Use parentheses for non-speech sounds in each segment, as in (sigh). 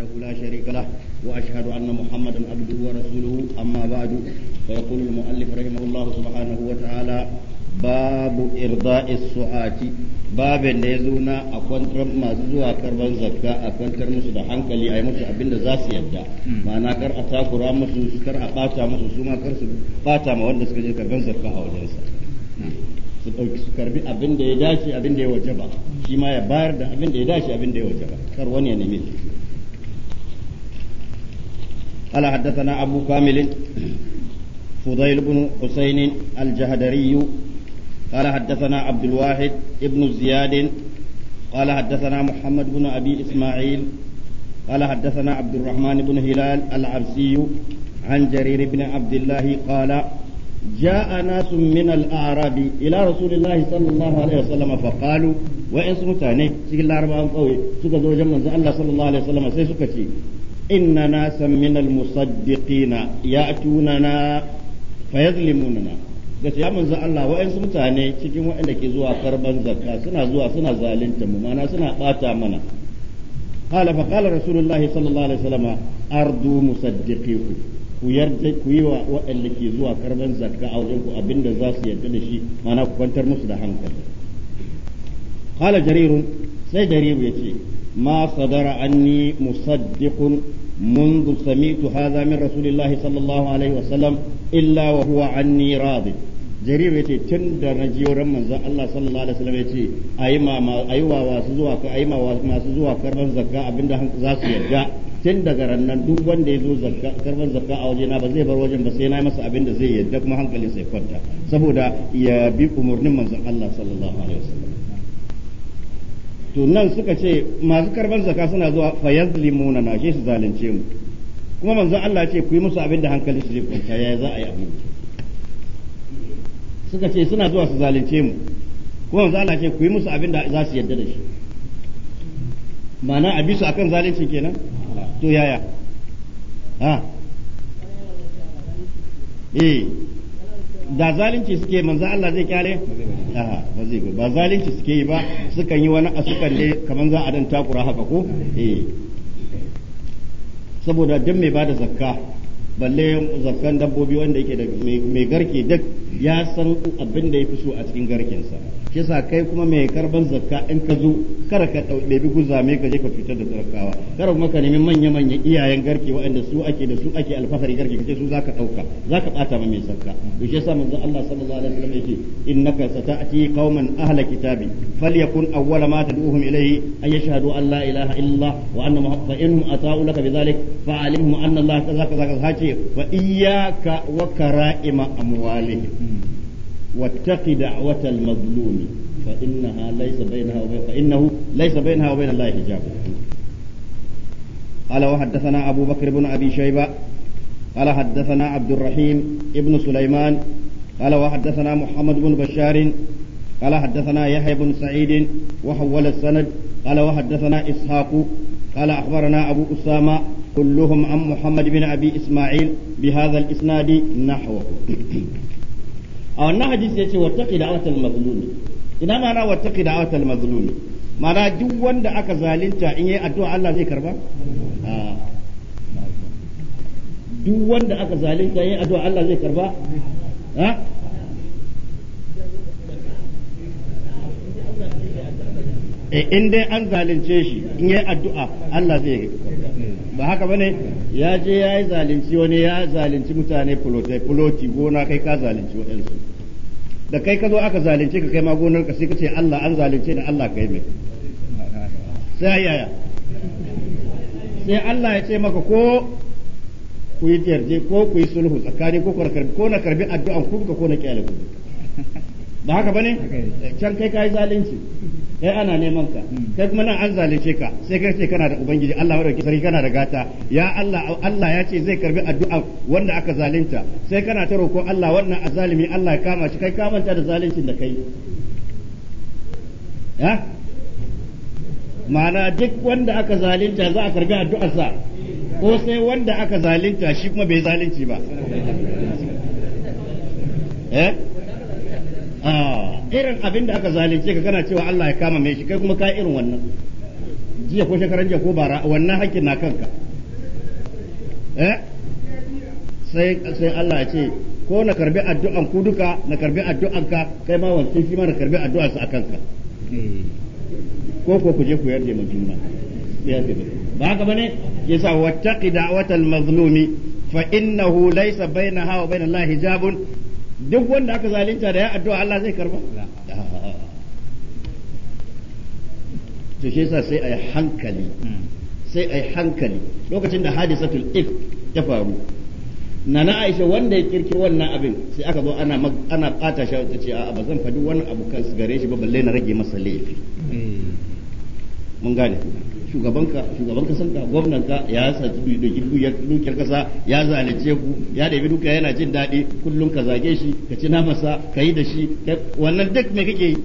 وحده لا شريك له وأشهد أن محمدا عبده ورسوله أما بعد فيقول المؤلف رحمه الله سبحانه وتعالى باب إرضاء السعاة باب نيزونا أكونتر ما زوا كربان زكاة أكونتر مسو ده حنكلي أي مسو أبين ده زاس يبدا ما ناكر كر أتاكو رام مسو كر أقاتا مسو باتا ما وندس كجي كربان زكاة أو جنسا su ɗauki su karbi abin da ya dace abin da ya wajaba shi ma ya bayar da abin da ya dace abin da ya wajaba kar wani ya nemi قال حدثنا أبو كامل فضيل بن حسين الجهدري قال حدثنا عبد الواحد ابن زياد قال حدثنا محمد بن أبي إسماعيل قال حدثنا عبد الرحمن بن هلال العبسي عن جرير بن عبد الله قال جاء ناس من الأعراب إلى رسول الله صلى الله عليه وسلم فقالوا وإن سمتاني سيكي الله ربما قوي سكا زوجا من الله صلى الله عليه وسلم سيسكتي إن ناسا من المصدقين يأتوننا فيظلموننا da ya manzo Allah wa'ansu mutane cikin waɗanda ke zuwa karban zakka suna zuwa suna zalunta mu mana suna bata mana qala fa qala rasulullahi sallallahu alaihi wasallam ardu musaddiqiku ku yarda ku yi wa waɗanda ke zuwa karban zakka a wajen ku abinda za su yarda da shi mana ku kwantar musu da hankali qala jarirun sai jarir yace ma sadara anni musaddiqun منذ سمعت هذا من رسول الله صلى الله عليه وسلم إلا وهو عني راض jarir ya ce tun da na ji wurin manzon Allah sallallahu alaihi wasallam ya ce ayi ma ayi wa masu zuwa ka ayi ma masu zuwa karban zakka abinda za su yarda tun daga rannan duk wanda ya zo zakka karban zakka a wajena ba zai bar wajen ba sai na masa abinda zai yarda kuma hankalin sai kwanta saboda ya bi umurnin Allah sallallahu alaihi to nan suka ce masu karban zaka suna zuwa muna na shi su zalunce mu kuma manzon Allah ce ku yi musu abin da hankali su zai kwanta yaya za a yi abin suka ce suna zuwa su zalunce mu kuma manzon Allah ce ku yi musu abin da za su yarda da shi ma'ana a bisu akan zalunci kenan to yaya ha eh da zalunci suke manzo Allah zai kyale ba zai ba zalunci suke yi ba sukan yi wani asukan ne kamar za a dan takura haka ko eh saboda duk mai bada zakka balle zakkan dabbobi wanda yake da mai garke duk ya san abin da ya fi so a cikin garkensa yasa kai kuma mai karban zakka in ka zo kada ka ɗebi guzame ka je ka cutar da talakawa kada kuma ka nemi manya-manya iyayen garke waɗanda su ake da su ake alfahari garke kace su ka ɗauka za ka ɓata ma mai zakka to shi yasa manzo Allah sallallahu alaihi wasallam yake innaka sata'ti qauman ahla kitabi falyakun awwala ma tad'uhum ilayhi an yashhadu an la ilaha illa wa anna muhammadan innahum ata'u laka bidhalik fa'alimhum anna Allah kaza kaza kaza hace wa iyyaka wa kara'ima amwalihim واتق دعوة المظلوم فإنها ليس بينها وبين فإنه ليس بينها وبين الله حجاب قال وحدثنا أبو بكر بن أبي شيبة قال حدثنا عبد الرحيم ابن سليمان قال وحدثنا محمد بن بشار قال حدثنا يحيى بن سعيد وحول السند قال وحدثنا إسحاق قال أخبرنا أبو أسامة كلهم عن محمد بن أبي إسماعيل بهذا الإسناد نحوه a wannan hadisi yace wattaqi da'watal mazlumi ina ma'ana wattaqi da'watal mazlumi ma'ana duk wanda aka zalunta in yayi addu'a Allah zai karba duk wanda aka zalunta yayi addu'a Allah zai karba ha eh, in dai an zalunce shi in yi addu'a Allah zai ba haka bane ya je ya yi zalunci wani ya zalunci mutane fuloti gona kai ka zalunci waɗansu da kai ka zo aka zalunce ka kai ma gonar ka sai ka ce Allah an zalunce da Allah kai mai sai yaya sai Allah ya ce maka ko ku yi ko ku yi sulhu tsakani ko ko na karbi addu'an ku ko na kyale ku ba haka bane can kai kai zalunci kai ana neman ka kai kuma nan an zalunce ka sai kai ce kana da ubangiji Allah madauki sarki kana da gata ya Allah Allah ya ce zai karbi addu'a wanda aka zalunta sai kana ta roko Allah wannan azalimi Allah ya kama shi kai ka manta da zaluncin da kai ya ma'ana duk wanda aka zalunta za a karbi sa ko sai wanda aka zalunta shi kuma bai zalunci ba eh Ah. irin abin da aka zalunce ka kana cewa Allah ya kama mai shi kai kuma ka irin wannan jiya ko shekaran jiya ko bara wannan hakkin na kanka eh sai sai Allah ya ce ko na karbi addu'an ku duka na karbi addu'an ka kai ma wance shi ma na karbi addu'ar a akan ka ko ko ku je ku yarda ma juna ya ce ba haka bane yasa wattaqi da'watal mazlumi fa innahu laysa bainaha wa bainallahi hijabun duk wanda aka zalunta da ya addu'a Allah zai karba to shi yasa sai a hankali hmm. sai a hankali lokacin da hadisatul if ta faru na na aisha wanda ya kirki wannan abin sai aka zo ana ana bata shi ta ce a ba zan faɗi wannan abu kan gare shi ba balle na rage masa laifi hmm. mun gane shugabanka shugaban gwamnan gwamnanka ya saki da dukiyar kasa ya zalunce ku ya da duka yana jin daɗi kullum ka zage shi ka ci namasa ka yi da shi wannan duk me kake yi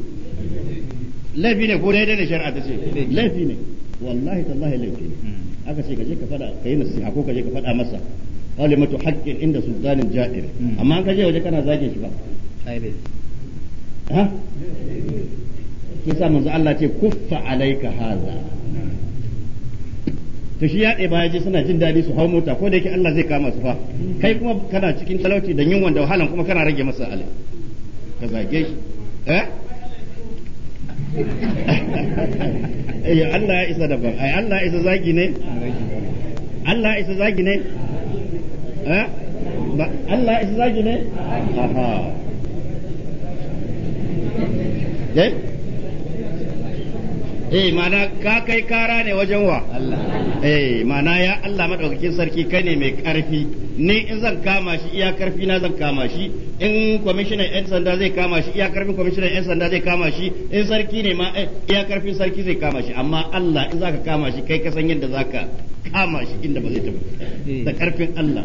laifi ne ko daidai dai shari'a ta ce laifi ne wallahi tallahi laifi ne hmm. aka ce ka je ka fada ka yi nasiha ko ka je ka fada masa kalimatu haƙƙin inda sultanin ja'ir hmm. amma an ka je waje kana zage shi ba ha ke sa manzo Allah ce kuffa alaika haza to shi ya ɗaya baya je suna jin daɗi su hau mota ko da yake Allah zai kama su fa kai kuma kana cikin talauci da yunwan da wahalan kuma kana rage masa alai ka zage shi eh (laughs) eh Allah ya isa daban ai eh, Allah ya isa zagi ne Allah ya isa zagi ne eh Allah ya isa zagi ne aha eh eh mana ka kai kara ne wajen wa eh mana ya Allah madaukakin sarki kai ne mai karfi ni in zan kama shi iya karfi na zan kama shi in kwamishinan yan sanda zai kama shi iya karfin kwamishinan yan sanda zai kama shi in sarki ne ma eh, iya karfin sarki zai kama shi amma Allah in zaka kama shi kai ka san yadda zaka kama shi inda ba zai tafi eh. da karfin Allah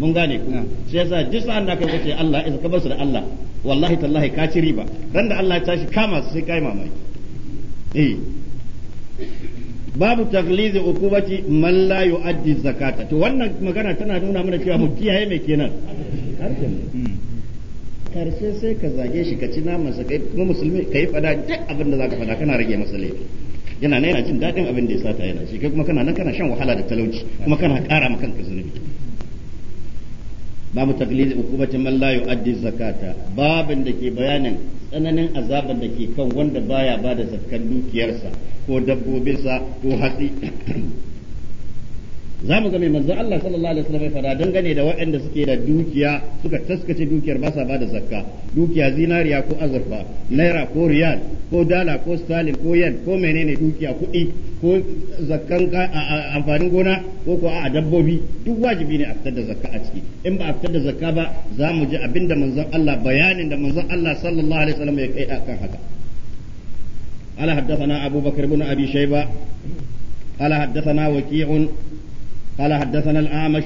mun gane ku Sai yasa duk sa'an da kai kace Allah isa ka basu da Allah wallahi tallahi ka ci riba ran da Allah ya tashi kama su sai kai mamaki Eh. babu taglizi ukubati man la yu'addi zakata to wannan magana tana nuna mana cewa mu kiyaye mai kenan hmm. karshe sai ka zage shi ka ci naman sa kai kuma musulmi kai fada duk abin da zaka fada kana rage masa laifi yana nan yana jin dadin abin da ya sata yana shi kai kuma kana nan kana shan wahala da talauci kuma kana kara maka kanka zunubi babu taglizi ukubatin man la yu'addi zakata babin da ke bayanin tsananin azabar da ke kan wanda baya ba da zakkan dukiyarsa ko dabbobinsa ko hatsi za mu ga mai manzo Allah sallallahu alaihi wasallam ya da dangane da waɗanda suke da dukiya suka taskace dukiyar ba sa bada zakka dukiya zinariya ko azurfa naira ko riyal ko dala ko stalin ko yan ko menene dukiya kuɗi ko zakkan amfanin gona ko ko a dabbobi duk wajibi ne a fitar da zakka a ciki in ba a fitar da zakka ba za mu ji abinda manzon Allah bayanin da manzon Allah sallallahu alaihi wasallam ya kai akan haka قال حدثنا abubakar بكر بن أبي ala قال حدثنا وكيع قال حدثنا الأعمش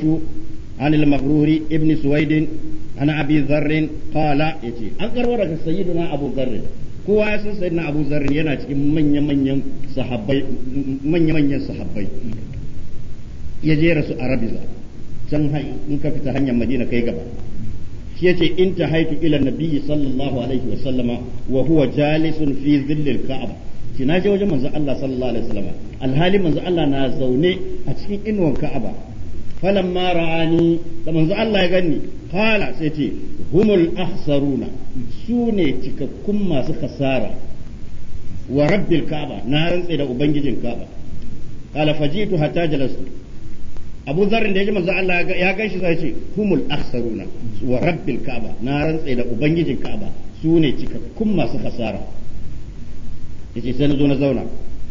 عن المغرور ابن سويد عن أبي ذر قال يتي أنكر ورك سيدنا أبو ذر kowa ya san sayyidina Abu Zarr yana cikin manya-manyan sahabbai manya-manyan sahabbai ya jera su a Rabiza can in ka fita hanyar Madina kai gaba shi ce in tahaitu ila nabiyyi sallallahu alaihi wa sallama wa huwa jalisun fi dhillil ka'aba shi na je wajen manzon Allah sallallahu alaihi wa sallama alhali manzo Allah na zaune a cikin inuwan Ka'aba ma ra'ani da manzo Allah ya ganni qala sai ce humul ahsaruna cika cikakkun masu kasara wa rabbil Ka'aba na rantsa da ubangijin Ka'aba Kala fajitu hatta jalastu Abu Zarrin da ya ji manzo Allah ya shi sai ce humul ahsaruna wa rabbil Ka'aba na rantsa da ubangijin Ka'aba cika cikakkun masu kasara yace sai na zo na zauna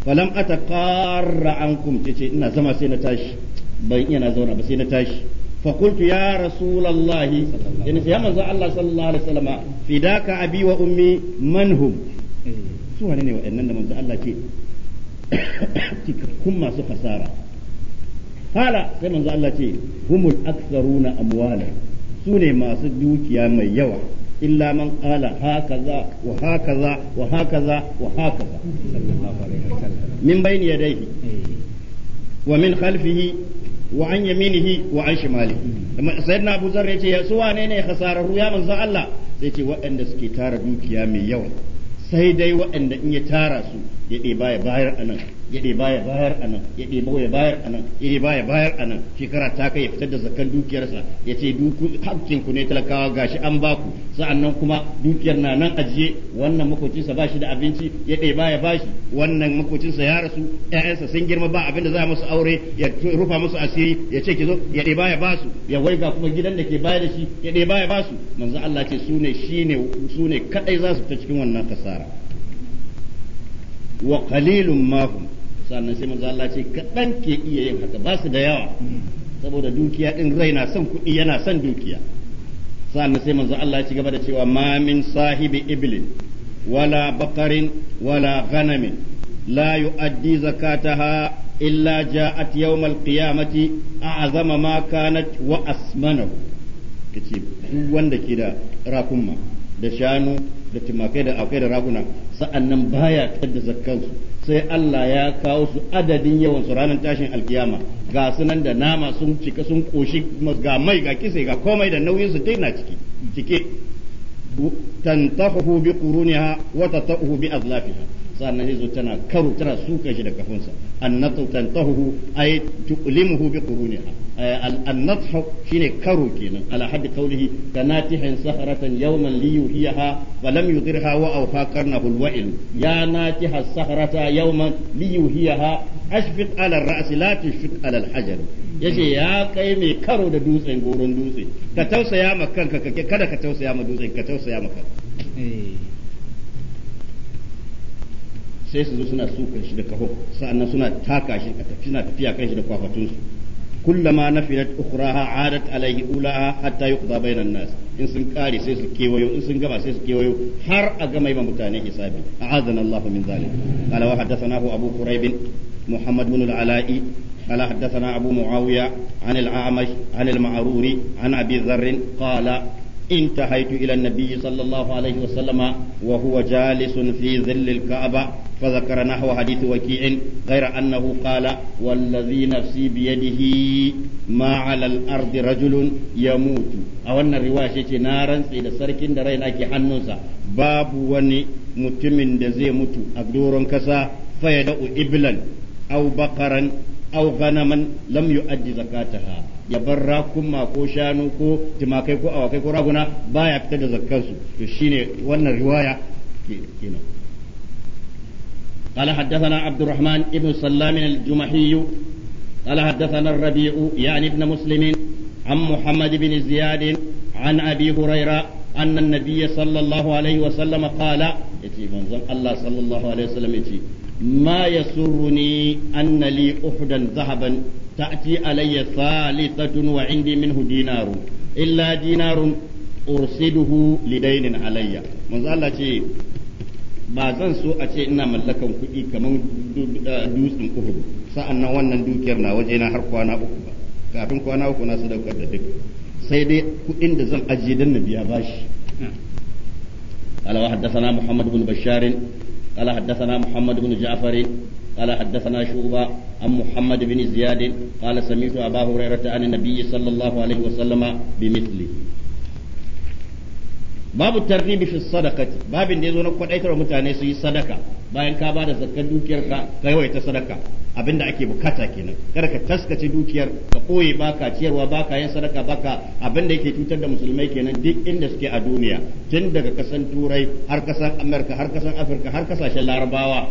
falam atakarra an tace ina zama sai na tashi ban iya na zauna ba sai na tashi fa qultu ya rasulullahi yana sai manzo Allah sallallahu alaihi wasallam fidaka abi wa ummi manhu. su wane ne da manzo Allah ke (coughs) cikakkun masu fasara Fala sai manzo Allah ce humul aktharuna amwala su ne masu dukiya mai yawa إلا من قال هكذا وهكذا وهكذا وهكذا صلى الله عليه وسلم من بين يديه ومن خلفه وعن يمينه وعن شماله سيدنا أبو ذر يا سوى نيني خسارة يا من الله سيتي وأن سكي تارة دوكيا من يوم sai dai waɗanda in ya tara su ya ɗeba ya bayar a nan ya ba ya bayar a nan ya ba ya bayar a nan ya ba ya bayar a nan shekara ta kai ya fitar da zakan dukiyarsa ya ce hakkin ku ne talakawa gashi an ba baku sa'annan kuma dukiyar na nan ajiye wannan makocinsa ba shi da abinci ya ba ya bashi wannan makocinsa ya rasu ƴaƴansa sun girma ba abin da za musu aure ya rufa musu asiri ya ce ki zo ya ba ya basu ya waiga kuma gidan da ke baya da shi ya ba ya basu manzo Allah ce su ne shi ne su ne kadai za su fita cikin wannan kasara wa qalilun ma sannan sai manzo Allah ce kaɗan ke iya yin haka ba su da yawa saboda dukiya din rai na son kuɗi yana son dukiya sannan sai manzo Allah ci gaba da cewa ma min sahibi iblin wala baqarin wala ghanamin la yu'addi zakataha illa ja'at yawm al-qiyamati a'zama ma kanat wa asmanahu kace wanda ke da rakunma da shanu da timakai da akwai da raguna sa'annan baya fitar da su sai Allah ya kawo su adadin yawan su ranar tashin alkiyama ga sunan da nama sun cika sun koshi ga mai ga kise ga komai da nauyin su dai na ciki cike tantahu bi quruniha wa tatahu bi azlafiha sannan zai zo tana karo tana suka shi da kafunsa annatu tantahu ay tuqlimuhu bi quruniha annathu shine karo kenan ala haddi qawlihi kanatihin sahratan yawman li yuhiyaha wa lam yudirha wa awfa qarnahu ya ashfiq ala ala al-hajar yace ya kai mai karo da dutsen goron dutse ka tausaya ma kanka kada ka tausaya ma dutsen ka tausaya ma kanka eh. sai su zo suna sukar shi da kaho sa'annan suna taka shi suna tafiya kan shi da kwafatun su kullama nafilat ukhraha adat alaihi ulaha hatta yuqda bainan nas in sun kare sai su kewayo in sun gaba sai su kewayo har a gama yi mutane hisabi a'azana Allah min zalik qala wa haddathanahu abu quraib muhammad bin al-ala'i قال حدثنا أبو معاوية عن الأعمش عن المعروري عن أبي ذر قال انتهيت إلى النبي صلى الله عليه وسلم وهو جالس في ظل الكعبة فذكر نحو حديث وكيع غير أنه قال والذي نفسي بيده ما على الأرض رجل يموت أو أن الرواية نارا إلى سركين درين أكي حنوسا باب وني متمن دزي متو أبدور كسا فيدأ إبلا أو بقرا أو غنما لم يؤدي زكاتها ya bar rakuma ko shanu ko timakai ko awakai ko raguna baya fitar da zakkansu to shine wannan riwaya kenan قال حدثنا عبد الرحمن بن سلام الجمحي قال حدثنا الربيع يعني ابن مسلم عن محمد بن زياد عن أبي هريرة أن النبي صلى الله عليه وسلم قال يتي الله صلى الله عليه وسلم يتي ما يسرني أن لي أحدا ذهبا تأتي علي ثالثة وعندي منه دينار إلا دينار أرسله لدين علي من ce ba zan so a ce ina mallakan kuɗi kamar dutsen دوس sa'an nan wannan dukiyar na waje na har kwana uku ba kafin kwana uku na sadaukar da duk sai dai kuɗin da zan ajiye dan na biya bashi قال وحدثنا محمد بن بشار قال حدثنا محمد بن جعفر قال حدثنا شعبة عن محمد بن زياد قال سمعت أبا هريرة عن النبي صلى الله عليه وسلم بمثله babu tarribi fi sadakati babin da yazo na kwadaitar mutane su yi sadaka bayan ka bada zakkar dukiyar ka ka yawaita sadaka abinda ake bukata kenan kada ka taskace dukiyar ka koye baka ciyarwa baka yin sadaka baka abinda yake cutar da musulmai kenan duk inda suke a duniya tun daga kasan turai har kasan amurka har kasan afirka har kasashen larabawa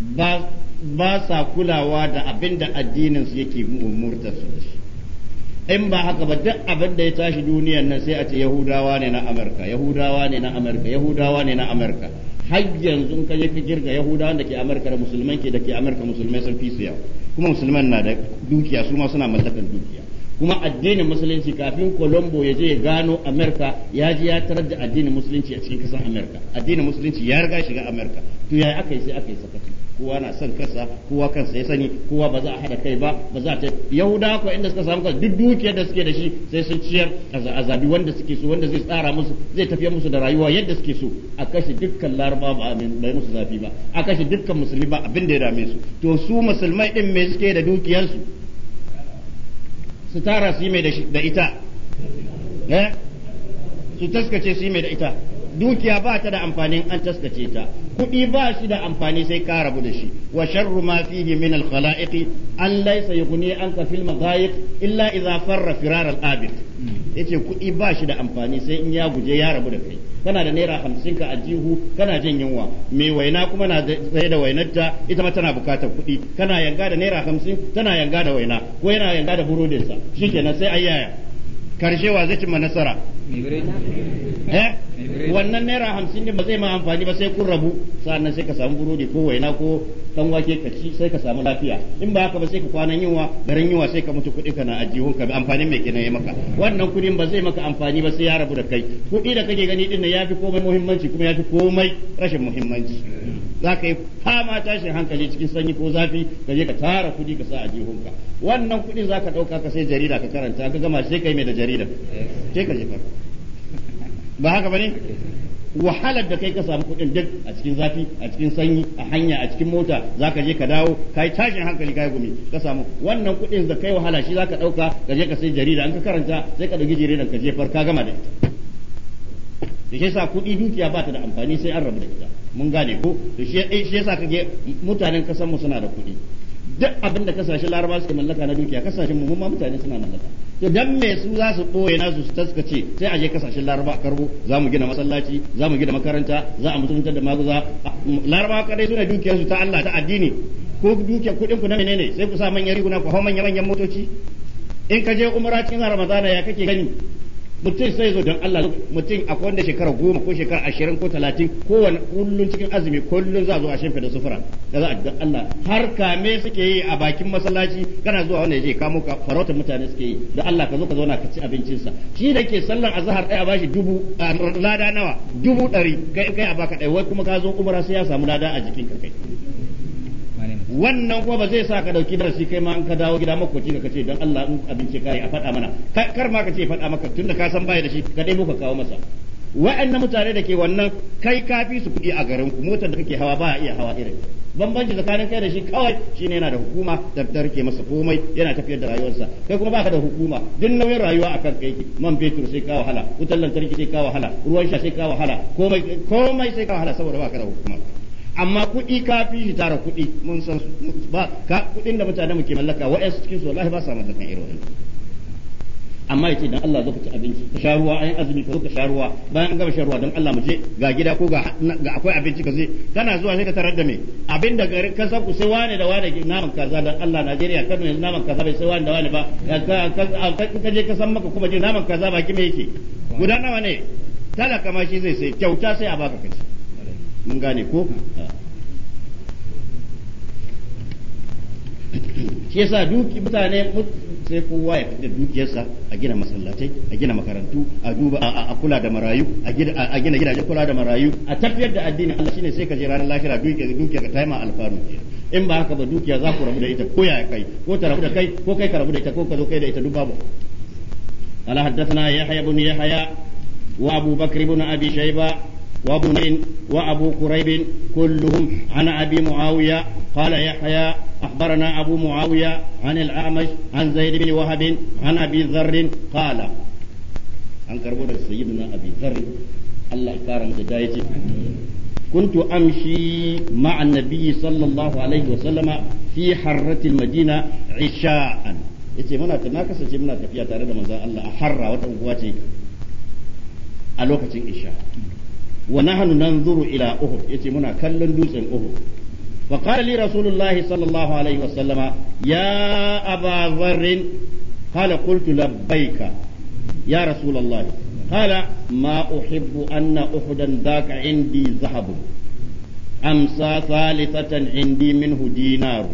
ba sa kulawa da abin da addinin su yake murta su da shi in ba haka ba duk abin da ya tashi duniyar nan sai a ce yahudawa ne na amurka yahudawa ne na amurka yahudawa ne na amurka har yanzu ka je ka girga yahudawan da ke amurka da musulman ke da ke amurka musulmai sun fi su yau kuma musulman na da dukiya su ma suna mallakar dukiya kuma addinin musulunci kafin Colombo ya je ya gano Amerika ya ji ya tarar da addinin musulunci a cikin kasar Amerika addinin musulunci ya riga shiga Amerika to yaya aka yi sai aka yi sakaci kowa na son kansa kowa kansa ya sani kowa ba za a hada kai ba ba za ta yahuda ko inda suka samu kansu duk dukiyar da suke da shi sai sun ciyar azabi wanda suke so wanda zai tsara musu zai tafiya musu da rayuwa yadda suke so a kashe dukkan laraba ba a musu zafi ba a kashe dukkan musulmi ba abin da ya dame su to su musulmai din me suke da dukiyarsu su tara su yi mai da ita eh? su taskace su yi mai da ita dukiya ba ta da amfanin an taskace ta kuɗi ba shi da amfani sai ka rabu da shi wa sharru ma fihi min al khalaiq an laysa yughni an ka fil madayiq illa idha farra firar al abid yace kuɗi ba shi da amfani sai in ya guje ya rabu da kai kana da naira hamsin ka a jihu kana jin yunwa mai waina kuma na tsaye da wainarta ita ma tana bukatar kuɗi kana yanga da naira hamsin tana yanga da waina ko yana yanga da burodinsa shi kenan sai ayyaya karshe wa zai cimma nasara eh wannan naira hamsin ne ba zai ma amfani ba sai kun rabu sannan sai ka samu burodi ko waina ko dan wake ka ci sai ka samu lafiya in ba haka ba sai ka kwana yunwa garin yunwa sai ka mutu kuɗi kana ajihun ka amfani mai kenan ya maka wannan kuɗin ba zai maka amfani ba sai ya rabu da kai kuɗi da kake gani din nan yafi komai muhimmanci kuma yafi komai rashin muhimmanci za ka yi fama tashin hankali cikin sanyi ko zafi ka je ka tara kuɗi ka sa a jihunka wannan kuɗin za ka ɗauka ka sai jarida ka karanta ka gama sai kai mai da jarida sai ka ba haka bane wahalar da kai ka samu kudin duk a cikin zafi a cikin sanyi a hanya a cikin mota zaka je ka dawo kai tashin hankali kai gumi ka samu wannan kudin da kai wahala shi za ka ɗauka ka je ka sai jarida an ka karanta sai ka dauki jaridan ka jefar ka gama da ita da shi yasa kuɗi dukiya ba ta da amfani sai an rabu da ita mun gane ko to shi yasa kage mutanen kasan mu suna da kuɗi duk abin da kasashen laraba suke mallaka na dukiya kasashen mu ma mutane suna mallaka to dan me su za su koye nasu su taskace sai a je kasashen laraba a karbo za mu gina masallaci za mu gina makaranta za a mutuntar da maguza laraba kadai suna dukiyar su ta Allah ta addini ko dukiyar kudin ku na menene sai ku sa manyan riguna ku hau manyan manyan motoci in ka je umra cikin ramadana ya kake gani mutum sai zo don Allah mutum a wanda shekara goma ko shekara ashirin ko talatin kowane kullum cikin azumi kullum za a zo a shimfe da sufura da za a don Allah har kame suke yi a bakin masallaci kana zuwa wanda je kamo ka farautar mutane suke yi da Allah ka zo ka zauna ka ci abincinsa shi da ke sallar azhar ɗaya bashi dubu lada nawa dubu ɗari kai a baka ɗaya wai kuma ka zo umara sai ya samu lada a jikin ka kai wannan kuma ba zai sa ka dauki darasi kai ma an ka dawo gida makoci ka ce don Allah in abinci kai a fada mana kar ma ka ce faɗa maka tunda ka san baya da shi ka dai ka kawo masa wa'annan mutane da ke wannan kai kafi su kuɗi a garin ku motar da kake hawa ba iya hawa irin bambanci tsakanin kai da shi kawai shine yana da hukuma da ke masa komai yana tafiyar da rayuwarsa kai kuma baka da hukuma duk nauyin rayuwa akan kai man betur sai ka wahala wutar lantarki sai ka wahala ruwan sha sai ka wahala komai sai ka wahala saboda baka da hukuma amma kuɗi ka fi shi tara kuɗi mun san ba ka kuɗin da mutane muke mallaka wa'ansu cikin su wallahi ba sa mallakan irin wannan amma yace dan Allah zo ka ci abinci ka sha ruwa ayin azumi ka zo ka sha ruwa bayan an gama sha ruwa dan Allah mu je ga gida ko ga ga akwai abinci ka zai kana zuwa sai ka tarar da me abin da garin ka san ku sai wane da wane naman kaza dan Allah Najeriya Kano yanzu naman kaza bai sai wane da wane ba ka je ka san maka kuma je naman kaza baki me yake guda nawa ne talaka ma shi zai sai kyauta sai a baka kashi mun gane ko shi yasa duki mutane sai kowa ya fita dukiyarsa a gina masallatai a gina makarantu a duba a kula da marayu a gina gidajen kula da marayu a tafiyar da addinin Allah shine sai ka je ranar lahira dukiyar ka taima alfanu in ba haka ba dukiya za ku rabu da ita ko ya kai ko ta rabu da kai ko kai ka rabu da ita ko ka zo kai da ita duk babu ala haddathana yahya ibn yahya wa abu bakr ibn abi shayba وابن وأبو كريب كلهم عن أبي معاوية قال يحيى أخبرنا أبو معاوية عن الأعمش عن زيد بن وهب عن أبي ذر قال عن كربون سيدنا أبي ذر الله كرم هدايته كنت أمشي مع النبي صلى الله عليه وسلم في حرة المدينة عشاء yace muna na kasance muna tafiya tare da manzon Allah a harra wata unguwa ce a lokacin isha wa nahnu nanzuru ila uhud yace muna kallon dutsen uhud fa qala li rasulullahi sallallahu alaihi wasallama ya aba dharr qala qultu labbaika ya rasulullah qala ma uhibbu anna uhudan daka indi zahabu amsa thalithatan indi minhu dinaru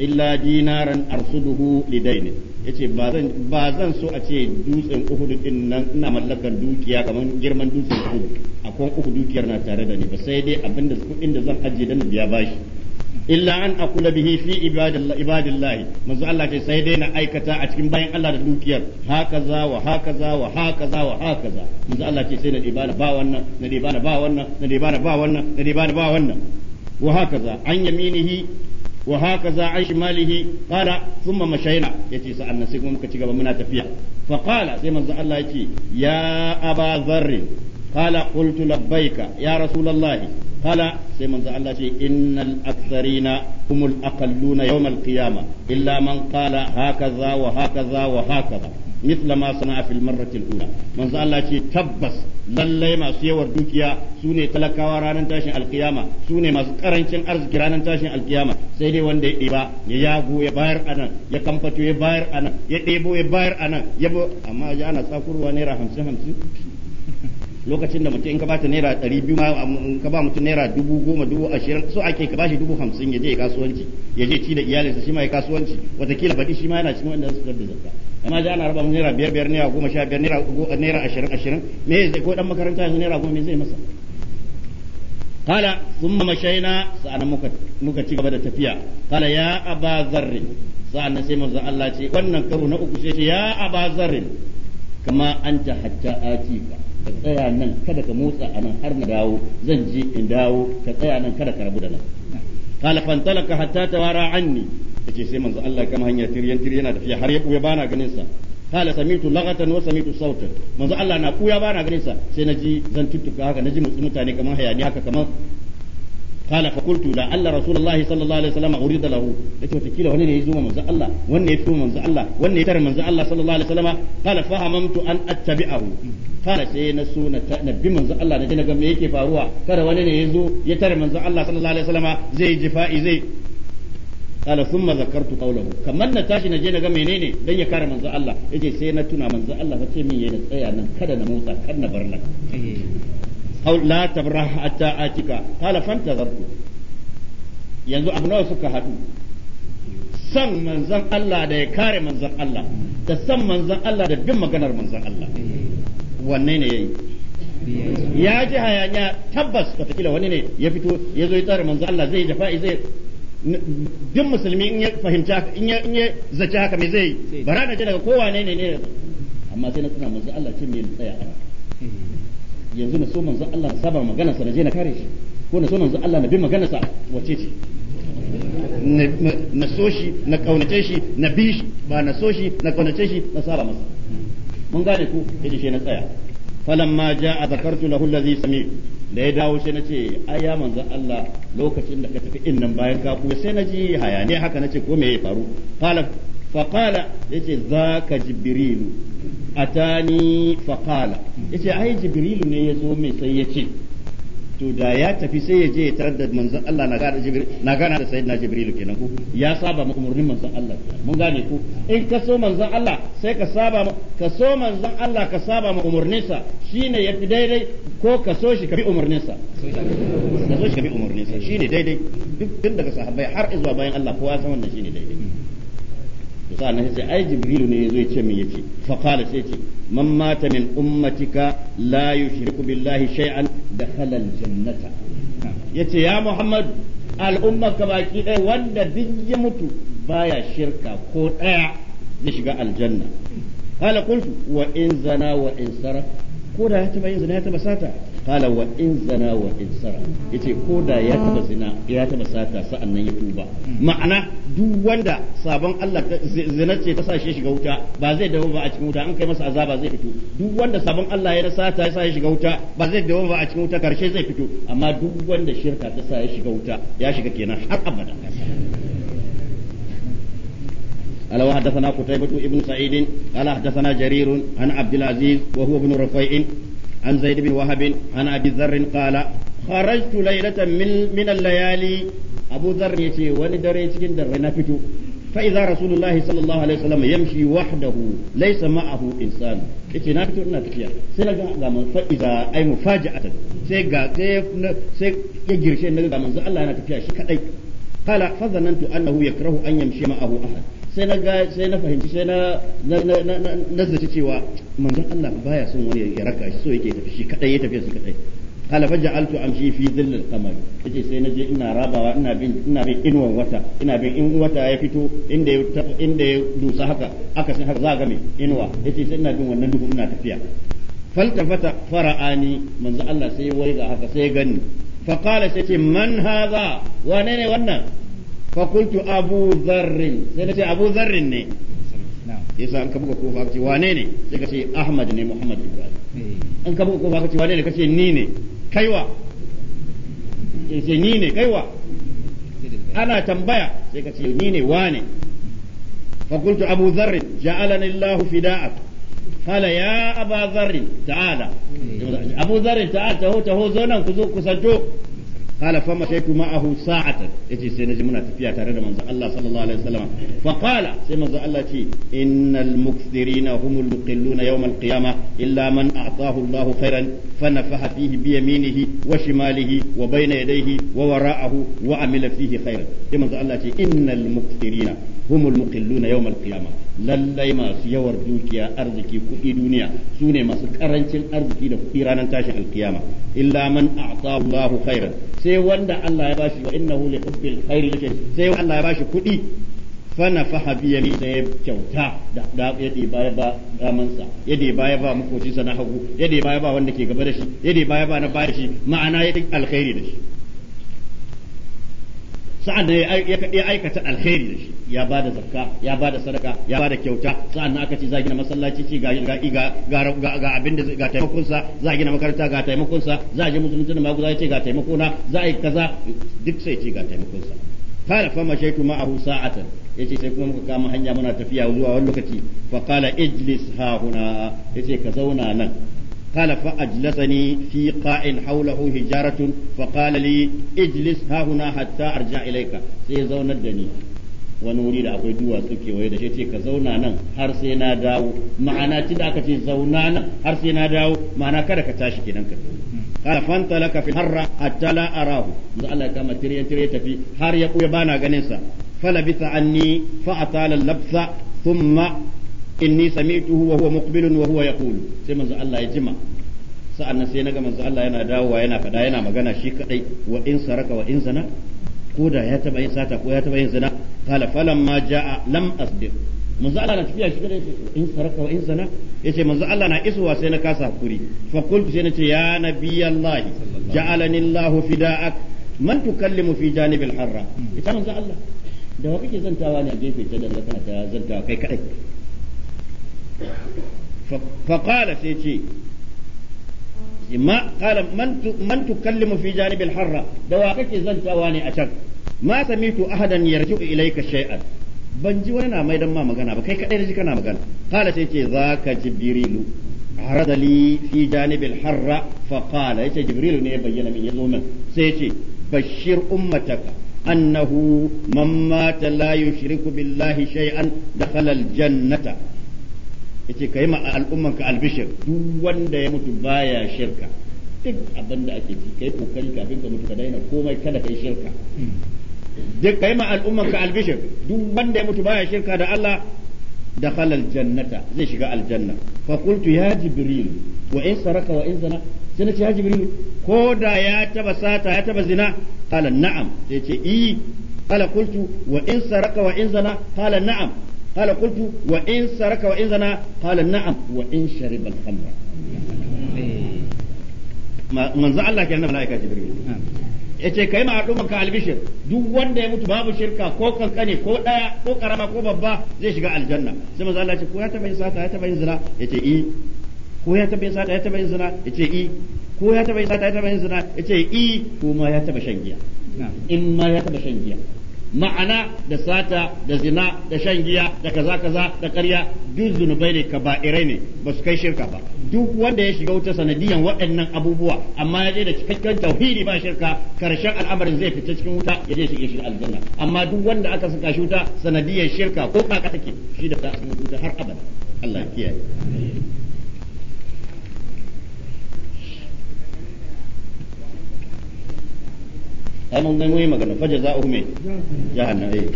illa dinaran arsuduhu lidaini yace ba zan ba zan so a ce dutsen Uhud din nan ina mallakar dukiya kamar girman dutsen Uhud akwai uku dukiyar na tare da ni ba sai dai abinda kudin da zan ajiye dan biya bashi illa an akula bihi fi ibadillahi manzo Allah ce sai dai na aikata a cikin bayan Allah da dukiyar haka za wa haka za wa haka za wa haka za manzo Allah ce sai na dibana ba wannan na dibana ba wannan na dibana ba wannan na dibana ba wannan wa za an yaminihi wa hakaza an shimalihi qala thumma mashayna yace sa'an nan sai kuma muka gaba muna tafiya fa qala sai manzo Allah yace ya aba zarri qala qultu labbaika ya rasulullahi قال سيمن الله إن الأكثرين هم الأقلون يوم القيامة إلا من قال هكذا وهكذا وهكذا مثل ما صنع في المرة الأولى من قال الله تبس lallai masu yawar dukiya su ne talakawa ranar tashin alkiyama su ne masu karancin arziki ranar tashin alkiyama sai dai wanda ya يباير ya yago ya bayar a nan ya يبو ya bayar a nan ya ɗebo ya bayar a nan ya amma ana naira hamsin hamsin lokacin da mutum in ka bata naira ɗari biyu ma um, in ka ba mutum naira dubu goma dubu ashirin so ake ka bashi dubu hamsin ya je ya kasuwanci ya je ci da iyalinsa shi ma ya kasuwanci watakila baɗi shi ma yana cikin wanda su da zakka amma da ana raba naira biyar biyar naira goma sha biyar naira ashirin ashirin me zai ko dan makaranta yanzu naira goma me zai masa Kala sun ثم مشينا سأنا muka ci gaba da tafiya kala قال يا أبا ذر sai سيما Allah ce wannan karo na uku sai ya Kama an ta hatta a cika ka tsaya nan kada ka motsa a nan har na dawo zan je in dawo ka tsaya nan kada ka rabu da nan قال hatta حتى توارى عني yace sai manzo Allah kama hanya tiryan tiryan yana tafiya har ya kala na kuya bana ganin sai naji zan tuttuka haka naji mutsu mutane kaman hayani haka kaman kala fa qultu la alla rasulullah sallallahu alaihi wasallam urida lahu yace wata kila wani ne ya zuma zai ji fa'i qala thumma zakartu qawluhu kamar na tashi na je na ga menene dan ya kare manzan Allah ce sai na tuna manzan Allah fa ce min yi yayi tsaya nan kada na motsa kada na bar nan la ta a cika kala atika qala fantazartu yanzu abu nawa suka haɗu san manzan Allah da ya kare manzan Allah da san manzan Allah da bin maganar manzan Allah wanne ne yayi ya ji hayaniya tabbas wataƙila wani ne ya fito ya zo ya tsare manzan Allah zai yi jafa'i zai duk musulmi in ya fahimci haka in ya in ya zaci haka me zai yi bara na daga kowa ne ne amma sai na tuna manzo Allah ce me tsaya ana yanzu na so manzo Allah saba magana sa na je na kare shi ko na so manzo Allah na bi magana sa wace ce na so shi na kaunace shi na bi shi ba na so shi na kaunace shi na saba masa mun gane ku yace shi na tsaya falamma jaa zakartu lahu allazi sami da ya dawo sai na ce ai ya manzon Allah lokacin da ka tafi innan bayan ka kuya sai na ji hayane haka na ce ko me ya faru Fala fa qala yace zaka jibrilu atani fa yace ai jibrilu ne ya zo mai sai ya ce to da ya tafi sai ya je ya tarar da manzon Allah na gana jibril na gana da sayyidina jibril kenan ko ya saba maka murnin manzon Allah mun gane ko in ka so manzon Allah sai ka saba ka so manzon Allah ka saba ma umurninsa shine yafi daidai ko ka so shi ka bi umurninsa ka so shi ka bi umurninsa shine daidai duk tun daga sahabbai har izuwa bayan Allah kowa san wannan shine daidai sa'annan sai ai jibrilu ne yazo ya ce min yace fa qala sai ce man mata min ummatika la yushriku billahi shay'an dakhala aljannata yace ya muhammad al'ummar ka baki ɗaya wanda duk ya mutu baya shirka ko ɗaya zai shiga aljanna qala qultu wa in zana wa in ko da ya taba yin zina ya taba sata قال وإن زنا وإن سرق يتي كودا يا تبا زنا يا ساتا سأنا يتوبا معنى دو وندا سابن الله زنا تي تسا شي shiga wuta ba zai دو با a cikin wuta an kai masa azaba zai fito duk wanda sabon Allah ya sata ya sa ya shiga wuta ba zai dawo ba a cikin wuta karshe zai fito amma duk wanda shirka ta sa ya shiga wuta ya shiga kenan har abada قال وحدثنا قتيبة بن سعيد قال حدثنا جرير عن عبد العزيز وهو ابن رفيع عن زيد بن وهب عن أبي ذر قال خرجت ليلة من, من الليالي أبو ذر يتي وندري تكن در نفتو فإذا رسول الله صلى الله عليه وسلم يمشي وحده ليس معه إنسان يتي نفتو نفتيا سنجا فإذا أي مفاجأة سيجا سيف سيف يجري شيء نجا من الله نفتيا شيء قال فظننت أنه يكره أن يمشي معه أحد sai na ga sai na fahimci sai na nazarci cewa manzon Allah baya son wani ya raka shi so yake tafi shi kadai ya tafi shi kadai قال فجعلت امشي في ظل القمر yace sai na je ina rabawa ina bin ina bin inuwan wata ina bin in wata ya fito inda ya inda ya dusa haka aka san haka za ga me inuwa yace sai ina bin wannan duhu ina tafiya faltafata fara'ani manzo Allah sai ya waiga haka sai ya gani fa qala sai ce man hadha wane ne wannan fa qultu abu dharr sai nace abu dharr ne yasa an ka buga kofa kace wane sai kace ahmad ne muhammad ibrahim an ka buga kofa kace wane ne kace ni ne kaiwa sai ni kaiwa ana tambaya sai wane قال يا أبا ذر تعالى أبو ذر تعالى تهو تهو زونا كسجوك قال فمشيت معه ساعة يجي سينجي منا تفيا تارد من الله صلى الله عليه وسلم فقال سيما الله إن المكثرين هم المقلون يوم القيامة إلا من أعطاه الله خيرا فنفح فيه بيمينه وشماله وبين يديه ووراءه وعمل فيه خيرا سيما الله إن المكثرين هم المقلون يوم القيامة lallai masu yawar dukiya arziki kuɗi duniya su ne masu karancin arziki da kuɗi ranar tashin alkiyama illa man a'ta Allahu khairan sai wanda Allah ya bashi wa innahu li hubbil khairi yake sai wanda Allah ya bashi kuɗi fana faha biya mi sai kyauta da da ya de baya ba damansa ya de baya ba makocinsa na hagu ya de baya ba wanda ke gaba da shi ya de baya ba na baya shi ma'ana ya alkhairi da shi sa'an da ya aikata alheri da shi ya ba da zakka ya ba da sadaka ya ba da kyauta sa'an aka ce za gina masallaci ci ga ga abin da ga taimakon sa za gina makaranta ga taimakon sa za je musulunci da a ya ce ga taimako za a yi kaza duk sai ce ga taimakon sa qala fa mashaitu ma'ahu sa'atan yace sai kuma muka kama hanya muna tafiya zuwa wani lokaci fa qala ijlis ha huna yace ka zauna nan قال فأجلسني في قاع حوله هجارة فقال لي اجلس ها هنا ilaika. أرجع إليك da ni wani wuri da akwai duwatsu kewaye da shi ce ka zauna nan har sai na dawo ma'ana tun aka ce zauna nan har sai na dawo ma'ana kada ka tashi kenan ka kala fanta laka fi harra hatta la arahu da Allah ya kama tire tire tafi har ya kuya bana ganin sa fala bisa anni fa atala labsa thumma inni sami'tuhu wa huwa muqbilun wa huwa yaqul sai manzo Allah ya jima sa'annan sai naga manzo Allah yana dawowa yana fada yana magana shi kadai wa in saraka wa in zina ko da ya taba yin sata ko ya taba yin zina qala falamma ja'a lam asbir manzo Allah na tafiya shi kadai in saraka wa in zina yace manzo Allah na isuwa sai na kasa hakuri fa qultu sai nace ya nabiyallahi ja'alani Allahu fida'ak man tukallimu fi janibil harra ita manzo Allah da wa kake zantawa ne a gefe ta da kana ta zantawa kai kadai فقال سيتي ما قال من من تكلم في جانب الحرة دواقك زنت أواني أشك ما سمعت أحدا يرجع إليك شيئا ban ji wani na mai dan ma magana ba kai kadai ji kana magana kala sai ce zaka jibrilu arada li fi janib al harra fa qala yace jibrilu ne bayyana min yazo min sai bashir ummataka annahu man mata la yushriku billahi shay'an dakhala al jannata yace kai ma al'umman ka albishir duk wanda ya mutu baya shirka duk abin da ake ji kai kokari kafin ka mutu ka daina komai kada kai shirka duk kai ma al'umman ka albishir duk wanda ya mutu baya shirka da Allah dakhala aljannata zai shiga aljanna fa qultu ya jibril wa in saraka wa in zina sai ya jibril ko da ya taba sata ya taba zina qala na'am sai ce i qala qultu wa in na'am قال قلت وإن سرك وإن زنا قال نعم وإن شرب الخمر من زعل الله كأنه ملائكة جبريل yace kai ma al'umma ka albishir duk wanda ya mutu babu shirka ko kankane ko daya ko karama ko babba zai shiga aljanna sai manzo Allah ya ce ko ya taba yin sata ya taba yin zina yace i ko ya taba yin sata ya taba yin zina yace i ko ya taba yin sata ya taba yin zina yace i ko ma ya taba shan giya in ma ya taba shan giya ma'ana da sata da zina da shan giya da kaza kaza da ƙarya duk zunubai ne kaba'irai ne ba su kai shirka ba duk wanda ya shiga wuta sanadiyan waɗannan abubuwa amma ya je da cikakken tauhidi ba shirka karshen al'amarin zai fita cikin wuta ya je shiga shiga aljanna amma duk wanda aka saka shi wuta sanadiyan shirka ko kaka take shi da ta wuta har abada Allah ya kiyaye ai mun zai mun yi magana fa jaza'uhu me jahannam eh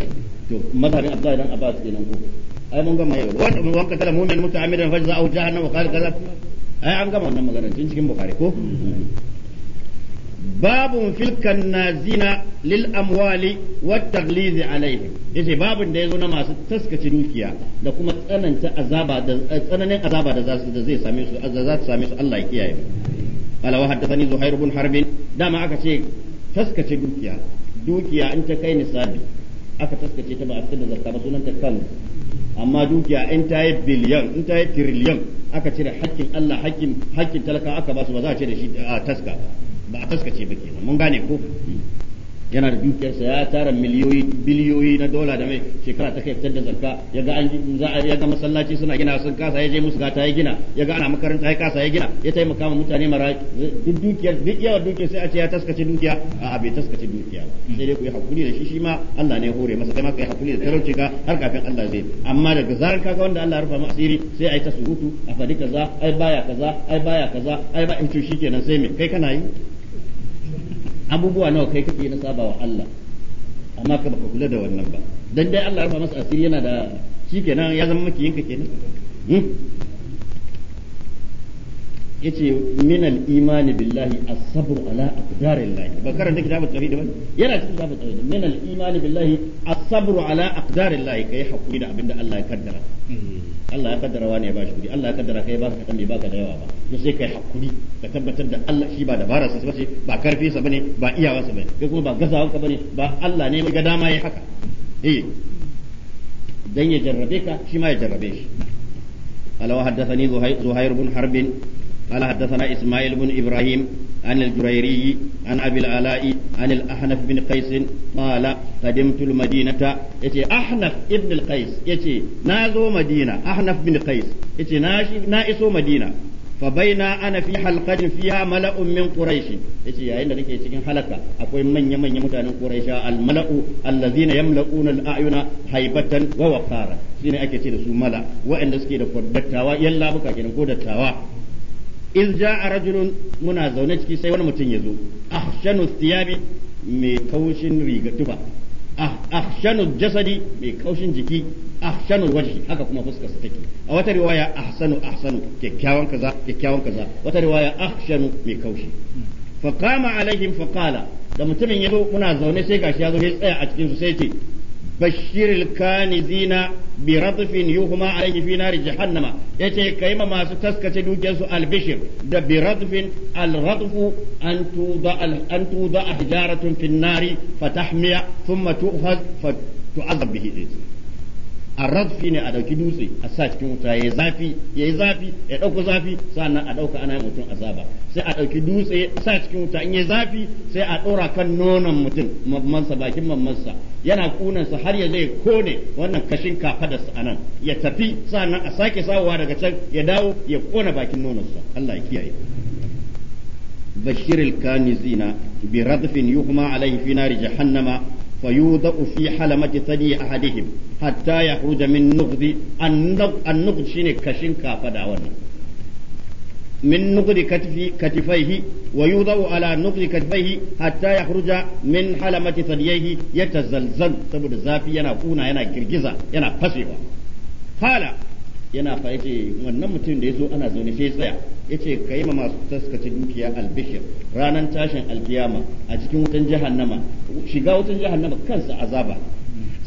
to mazharin abdullahi dan abbas kenan ko ai mun gama yau wanda wanka tala mu'min muta'ammidan za jaza'uhu jahannam wa qala kaza ai an gama wannan magana tun cikin bukhari ko babun filkan nazina lil amwali wat taglizi alaihim yace babun da yazo na masu taskace dukiya da kuma tsananta azaba da eh, tsananin azaba da zasu da zai same su azza za su same su Allah ya kiyaye ala wa haddathani zuhair bin harbin. da ma aka ce taskace dukiya dukiya in ta kai nisabi aka taskace ta ba a fitar da zakka ba sunanta kan amma dukiya in ta yi biliyan in ta yi tiriliyan aka cire hakkin Allah hakkin hakkin talaka aka ba su ba za a ce da shi a taska ba a taskace ba kenan mun gane ko yana da dukiyarsa ya tara miliyoyi biliyoyi na dola da mai shekara ta kai fitar da zakka yaga an za a yaga masallaci suna gina sun kasa ya je musu gata ya gina yaga ana makaranta ya kasa ya gina ya taimaka ma mutane mara duk dukiyar duk yawa dukiyar sai a ce ya taskace dukiya a bai taskace dukiya sai dai ku yi hakuri da shi shi ma Allah ne hore masa kai ma kai hakuri da talauci ka har kafin Allah zai amma daga zarar kaga wanda Allah rufa ma asiri sai ai ta surutu a fadi kaza ai baya kaza ai baya kaza ai ba in shikenan sai me kai kana yi abubuwa nawa kai kake na saba wa Allah amma ka baka kula da wannan ba dan dai Allah ya rufa masa asiri yana da shikenan ya zama maki yinka kenan hmm? yace min al imani billahi as-sabr ala aqdarillahi ba karanta kitabut tauhid ba yana cikin kitabut tauhid min al imani billahi as-sabr ala aqdarillahi kai hakuri da abinda Allah ya kaddara Allah ya kaddara wani ya bashi kudi Allah ya kaddara kai ba ka kadan bai baka da yawa ba to sai kai hakuri ka tabbatar da Allah shi ba dabara sa bace ba karfi sa bane ba iyawa sa bane kai kuma ba gazawa ka bane ba Allah ne ga dama yayi haka eh dan ya jarrabe ka shi ma ya jarrabe shi قال وحدثني زهير بن harbin. قال حدثنا إسماعيل بن إبراهيم عن الجريري عن أبي العلاء عن الأحنف بن قيس قال قدمت المدينة يتي أحنف ابن القيس يتي نازو مدينة أحنف بن قيس يتي نائسو مدينة فبين أنا في حلقة فيها ملأ من قريش يتي يا إن لكي تكن حلقة أقوي من يمن يمتان قريش الملأ الذين يملؤون الأعين هيبة ووقارا سين أكتير سو ملأ وإن لسكي دفور دتاوا يلا بكا كنن قود دتاوا in a rajulun muna zaune ciki sai wani mutum ya zo shanu tiyabi mai kaushin riga ah shanu jasadi mai kaushin jiki shanu wajhi haka kuma fuskar sa take a wata riwaya ah sanu kyakkyawan kaza kyakkyawan kaza wata riwaya shanu mai kaushi fa qama alaihim fa qala da mutumin ya zo muna zaune sai gashi ya zo ya tsaya a cikin su sai ce bashir al-kanizina bi radfin yuhma alayhi fi nar jahannama yace kai ma masu taskace dukiyar su albishir da bi radfin al-radfu an tuda an tuda ahjaratun fi nari fatahmiya thumma tu'khaz fa tu'adhab bihi a rafi ne a ɗauki dutse a sa cikin wuta ya zafi ya zafi ya ɗauka zafi sannan a ɗauka ana mutum azaba sai a ɗauki dutse sa cikin wuta in ya zafi sai a ɗora kan nonon mutum mammansa bakin mammansa yana kunansa har ya zai kone wannan kashin kafadarsa nan ya tafi sannan a sake sawowa daga can ya dawo ya kona bakin nononsa Allah ya kiyaye al-kanizina bi radfin yuhma alayhi fi نار jahannama فيوضع في حلمة ثدي أحدهم حتى يخرج من نغض النغض شيني كشين كافدا wannan من نقد كتفي كتفيه ويوضع على نقد كتفيه حتى يخرج من حلمة ثدييه يتزلزل تبد زافي ينا كونا ينا girgiza yana fashewa قال yana fa yace wannan mutum da yazo ana zaune sai tsaya yace kai ma masu taskace dukiya albishir ranan tashin alkiyama a cikin wutan jahannama shiga wutan jahannama kansa azaba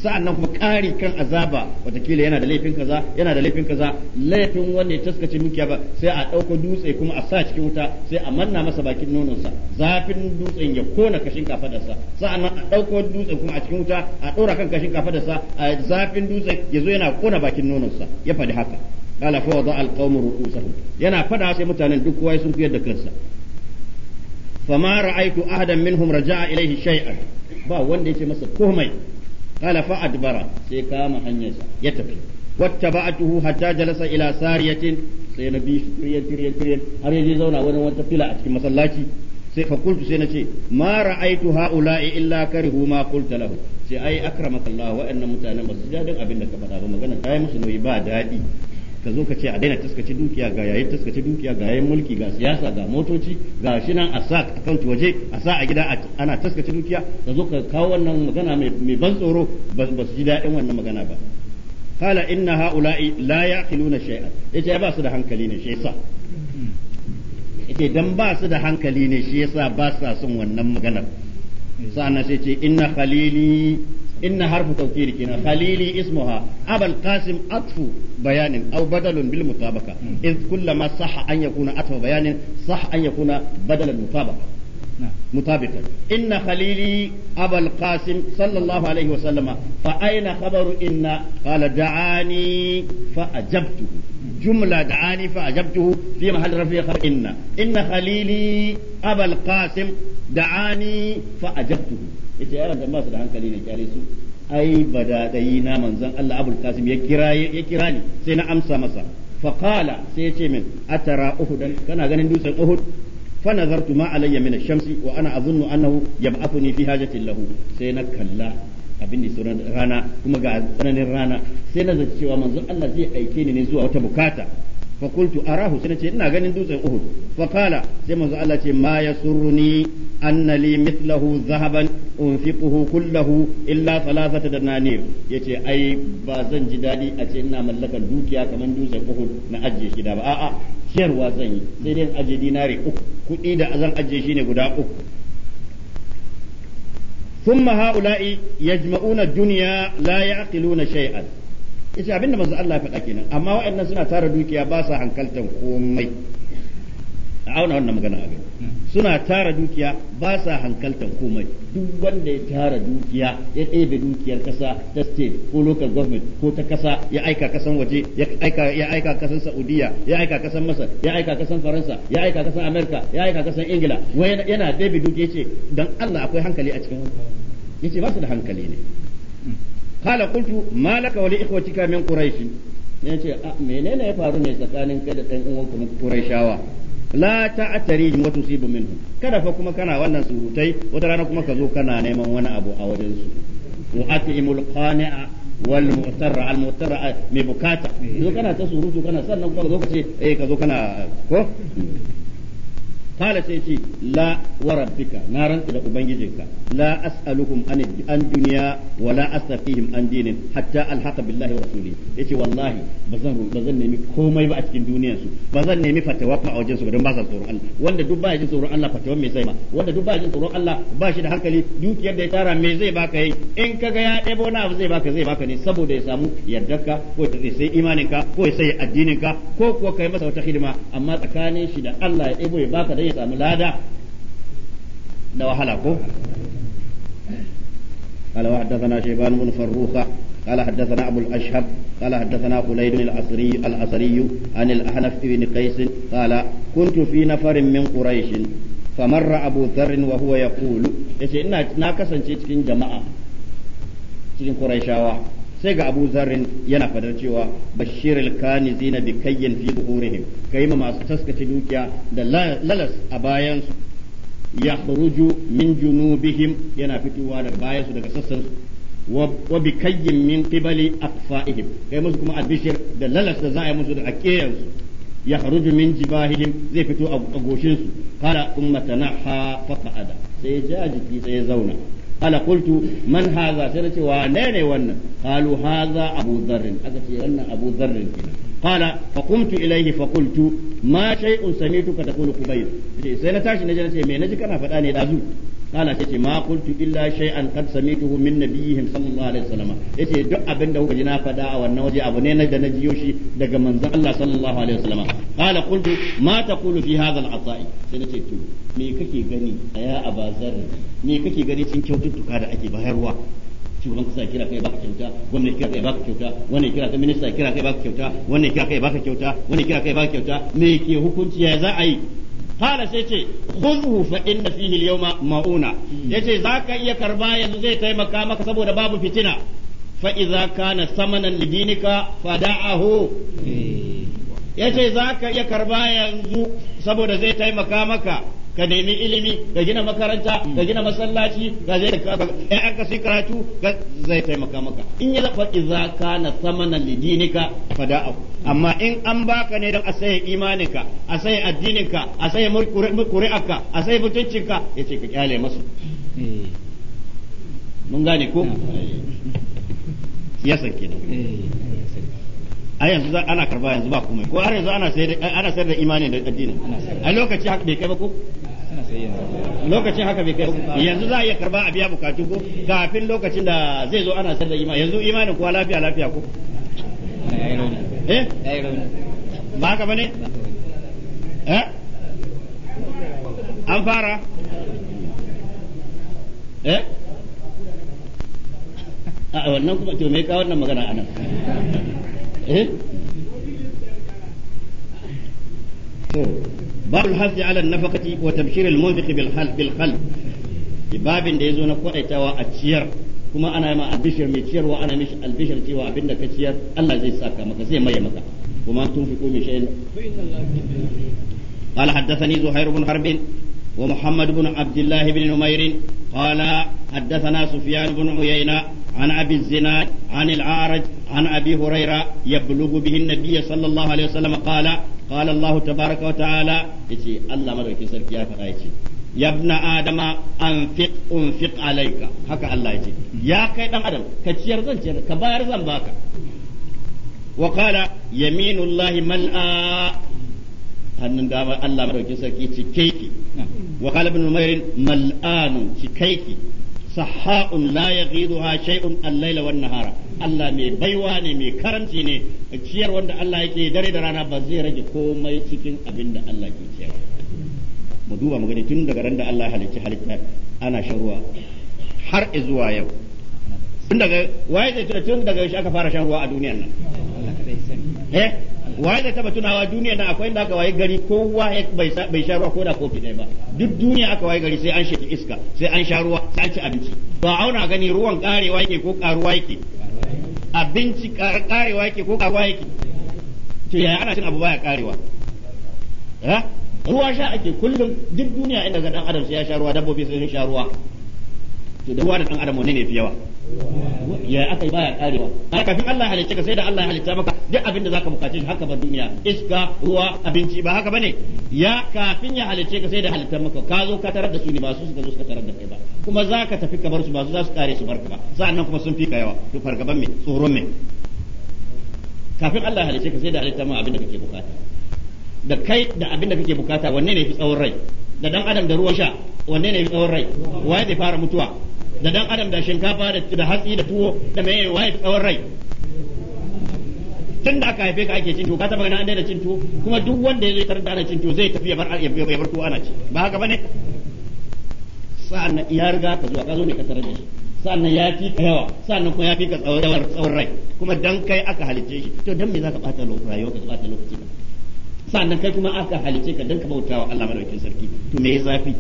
sa'annan kuma kari kan azaba watakila yana da laifin kaza yana da laifin kaza laifin wanda ya taskace dukiya ba sai a ɗauko dutse kuma a sa cikin wuta sai a manna masa bakin nononsa zafin dutsen ya kona kashin kafadarsa sa'annan a ɗauko dutse kuma a cikin wuta a ɗora kan kashin kafadarsa a zafin dutse ya zo yana kona bakin nononsa ya faɗi haka qala fa wada al qawm ru'usahum yana fada sai mutanen duk kowa sun kuyar da kansa fama ra'aytu ahadan minhum raja'a ilayhi shay'an ba wanda yace masa komai qala fa adbara sai kama hanyarsa ya tafi wattaba'tuhu hatta jalasa ila sariyatin sai na bi shi tiryan tiryan tiryan har yaje zauna wani wata fila a cikin masallaci sai fa kultu sai nace ma ra'aitu haula'i illa karihu ma qulta lahu sai ai akramaka Allah wa'annan mutanen ba su ji abin ka faɗa ba magana ta yi musu nauyi ba daɗi ka zo ka ce a daina taskace dukiya ga yayin taskace dukiya ga yayin mulki ga siyasa ga motoci ga shi nan a sa account waje a sa a gida ana taskace dukiya ka zo ka kawo wannan magana mai ban tsoro ba su ji daɗin wannan magana ba قال إن هؤلاء لا يعقلون شيئا ba su da hankali ne shi yasa idan ba su da hankali ne shi yasa ba sa son wannan maganar sa'an sai ce inna khalili إن حرف توكيد كنا خليلي اسمها أبا القاسم عطف بيان أو بدل بالمطابقة إذ كلما صح أن يكون عطف بيان صح أن يكون بدل المطابقة مطابقا إن خليلي أبا القاسم صلى الله عليه وسلم فأين خبر إن قال دعاني فأجبته جملة دعاني فأجبته في محل رفيق إن إن خليلي أبا القاسم دعاني فأجبته إذا أرى جماعة دعان كلينا كاريسو أي بدا دينا من زن الله أبو القاسم يكراني يكراني سينا أمسى مسا فقال سيتي من أترى أهدا كان غنين دوسا أهد فنظرت ما علي من الشمس وأنا أظن أنه يبعثني في حاجة له سينا كلا abin da sauran rana kuma ga tsananin rana sai na zaci cewa manzon Allah zai aike ni ne zuwa wata bukata fa qultu arahu sai nace ina ganin dutsen Uhud fa qala sai manzon Allah ce ma yasurruni anna li mithlahu dhahaban unfiquhu kullahu illa thalathata Ya yace ai ba zan ji dadi a ce ina mallakan dukiya kamar dutsen Uhud na ajiye shi da ba a'a ciyarwa zan yi sai dai ajiye dinari uku kuɗi da zan ajiye shi ne guda uku thumma haula'i yajma'una duniya la ya'qiluna shay'an yace abinda manzo Allah ya faɗa kenan amma wa'annan suna tara dukiya ba sa hankaltan komai a auna wannan magana a suna tara dukiya ba sa hankaltan komai duk wanda ya tara dukiya ya ɗebe dukiyar kasa ta state ko local government ko ta kasa ya aika kasan waje ya aika ƙasan kasan saudiya ya aika kasan masar ya aika kasan faransa ya aika kasan america ya aika kasan ingila yana ɗebe dukiya ce dan allah akwai hankali a cikin ce ba su da hankali ne kala qultu malaka wa li ikhwatika min quraish yace ah, menene ya faru ne tsakanin kai da ɗan kuma na quraishawa la ta'tarihim wa tusibu minhum kada fa kuma kana wannan surutai wata rana kuma ka zo kana neman wani abu a wajen su wa atimul qani'a wal mu'tarra al mu'tarra mai bukata zo kana ta surutu kana sannan kuma ka zo ka ce eh ka zo kana ko قال سيتي لا وربك نارا إلى أبنجيك لا أسألكم عن عن دنيا ولا أستفيهم عن دين حتى ألحق بالله ورسوله يتي والله بزن بزن نمي كوما يبقى تكين دنيا سو بزن نمي فتوى مع وجنسو بدون باسا صور الله وند دبا يجن صور الله فتوى مي سيما وند دبا يجن صور الله باشي ده هكلي دوك يد يتارا مي زي باكا يي إن كغا يا إبو ناف زي باكا زي باكا ني سبو ده يسامو يدكا كو تسي إيمانك كو يسي الدينك كو كو كيما سوتا خدمة أما تكاني شي ده الله إبو يباكا ya samu lada da wahala ko قال وحدثنا شيبان بن فروخة قال حدثنا أبو الأشهب قال حدثنا خليد الأسري الأسري عن الأحنف بن قيس قال كنت في نفر من قريش فمر أبو ذر وهو يقول إن ناكسا cikin jama'a cikin قريشاوة sai ga Abu Zarrin yana fadar cewa alkani zina bi kayyin fi zuhurihim kai ma masu taskace dukiya da lalas a bayan su ya khuruju min junubihim yana fitowa da bayan su daga sassan su wa bi kayyin min qibali aqfaihim kai musu kuma albishir da lalas da za a yi musu da akiyan su ya kharuju min jibahihim zai fito a goshin su qala ummatana ha fa'ada sai ya ja jiki sai ya zauna قال قلت من هذا سنتي وانين ون قالوا هذا أبو ذر أكتي أن أبو ذر كنا قال فقمت إليه فقلت ما شيء سمعتك تقول قبيل سنتاش نجلسي من نجي كان فتاني دازو قال تتي ما قلت إلا شيئا قد سمعته من نبيهم صلى الله عليه وسلم يتي دو أبن دو جنا فدا والنوجي أبنين دن جيوشي دق منزل الله صلى الله عليه وسلم قال قلت ما تقول في هذا العطاء سنتي تو me kake gani ya me kake gani cin da ake bayarwa shugaban kasa kira kai baka kyauta kira kai baka kyauta kira kai minista kira kai baka kyauta kira kai baka kyauta kira kai baka kyauta me ke hukunci ya za a yi qala sai ce faɗin fa inna fihi al mauna yace zaka iya karba yanzu zai taimaka maka saboda babu fitina fa idza kana samanan lidinika fada'ahu eh. yace zaka iya karba yanzu saboda zai taimaka maka ka nemi ilimi ka gina makaranta ka gina masallaci ka je ka in aka sai karatu zai taimaka maka in ya lafa idza kana samana lidinika fada'ahu amma in an baka ne don a saye imaninka a saye addininka a saye kuri'arka a saye mutuncinka yace ka kyale masu mun gane ko siyasa ne a yanzu ana karba yanzu ba komai ko har yanzu ana sayar da imanin da addini a lokaci haka bai kai ba ko lokacin haka bai kai yanzu za a iya karba a biya bukatu ko kafin lokacin da zai zo ana sayar da imani yanzu imanin kuwa lafiya lafiya ko eh? ba haka bane eh an fara eh a wannan kuma to me ka wannan magana anan eh to باب الحث على النفقة وتبشير المنفق بالحل بالقلب باب da yazo na kwadaitawa a ciyar kuma ana ma albishir mai ciyarwa ana mishi albishir cewa abinda ka ciyar Allah zai saka maka zai maye maka kuma tunfiqu min shay'in قال حدثني زهير بن حرب ومحمد بن عبد الله بن نمير قال حدثنا سفيان بن عيينة عن أبي الزناد عن العارج عن أبي هريرة يبلغ به النبي صلى الله عليه وسلم قال قال الله تبارك وتعالى يجي الله مدوكي سركي يا فقايتي يا ابن ادم انفق انفق عليك هكا الله يجي يا كاي دان ادم كتشير زن تشير كبار زن باكا وقال يمين الله ملأ hannun dama Allah madaukin sarki cikaiki wa qala ibn umayr mal'anu cikaiki sahha'un la yaghiduha shay'un al-laila wan nahara Allah mai baiwa ne mai karanci ne ciyar wanda Allah yake dare da rana ba zai rage komai cikin abin da Allah ke ciyarwa mu duba mu tun daga ran Allah halicci halitta ana sharuwa har zuwa yau tun daga waye tun daga shi aka fara sharuwa a duniyar nan eh waye da taba tunawa duniya na akwai inda aka waye gari kowa bai sha ruwa ko da kofi ne ba duk duniya aka waye gari sai an shaki iska sai an sha ruwa sai an ci abinci ba auna gani ruwan karewa yake ko karuwa yake abinci karewa yake ko karuwa yake to yaya ana cin abu baya karewa ruwa sha ake kullum duk duniya inda ga dan adam sai ya sha ruwa dabbobi sai sun sha ruwa to da ruwa da dan adam ne ne fi yawa ya aka yi baya karewa har kafin Allah halicce ka sai da Allah halicce maka duk abin da zaka bukace haka ba duniya iska ruwa abinci ba haka bane ya kafin ya halicce ka sai da halitta maka ka zo ka tarar da su ne ba su suka zo suka tarar da kai ba kuma zaka tafi kamar su ba su za su kare su barka ba sa'annan kuma sun fi ka yawa to fargaban me tsoron me kafin Allah halicce ka sai da halitta ma abin da kake bukata da kai da abin da kake bukata wanne ne fi tsawon rai da dan adam da ruwan sha wanne ne fi tsawon rai waye zai fara mutuwa da dan adam da shinkafa da hatsi da tuwo da mai waye tsawon rai tun da aka haife ka ake cin tuwo ka taba ganin an daina cin tuwo kuma duk wanda ya tarar da ana cin tuwo zai tafi ya bar ya bar tuwo ana ci ba haka bane sa'an ya riga ka zuwa ka zo ne ka tarar da shi sa'an ya fi ka yawa sa'an kuma ya fi ka tsawon rai kuma dan kai aka halicce shi to dan me zaka bata rayuwa ka bata lokaci sa'an kai kuma aka halicce ka dan ka bautawa Allah madaukakin sarki to me ya zafi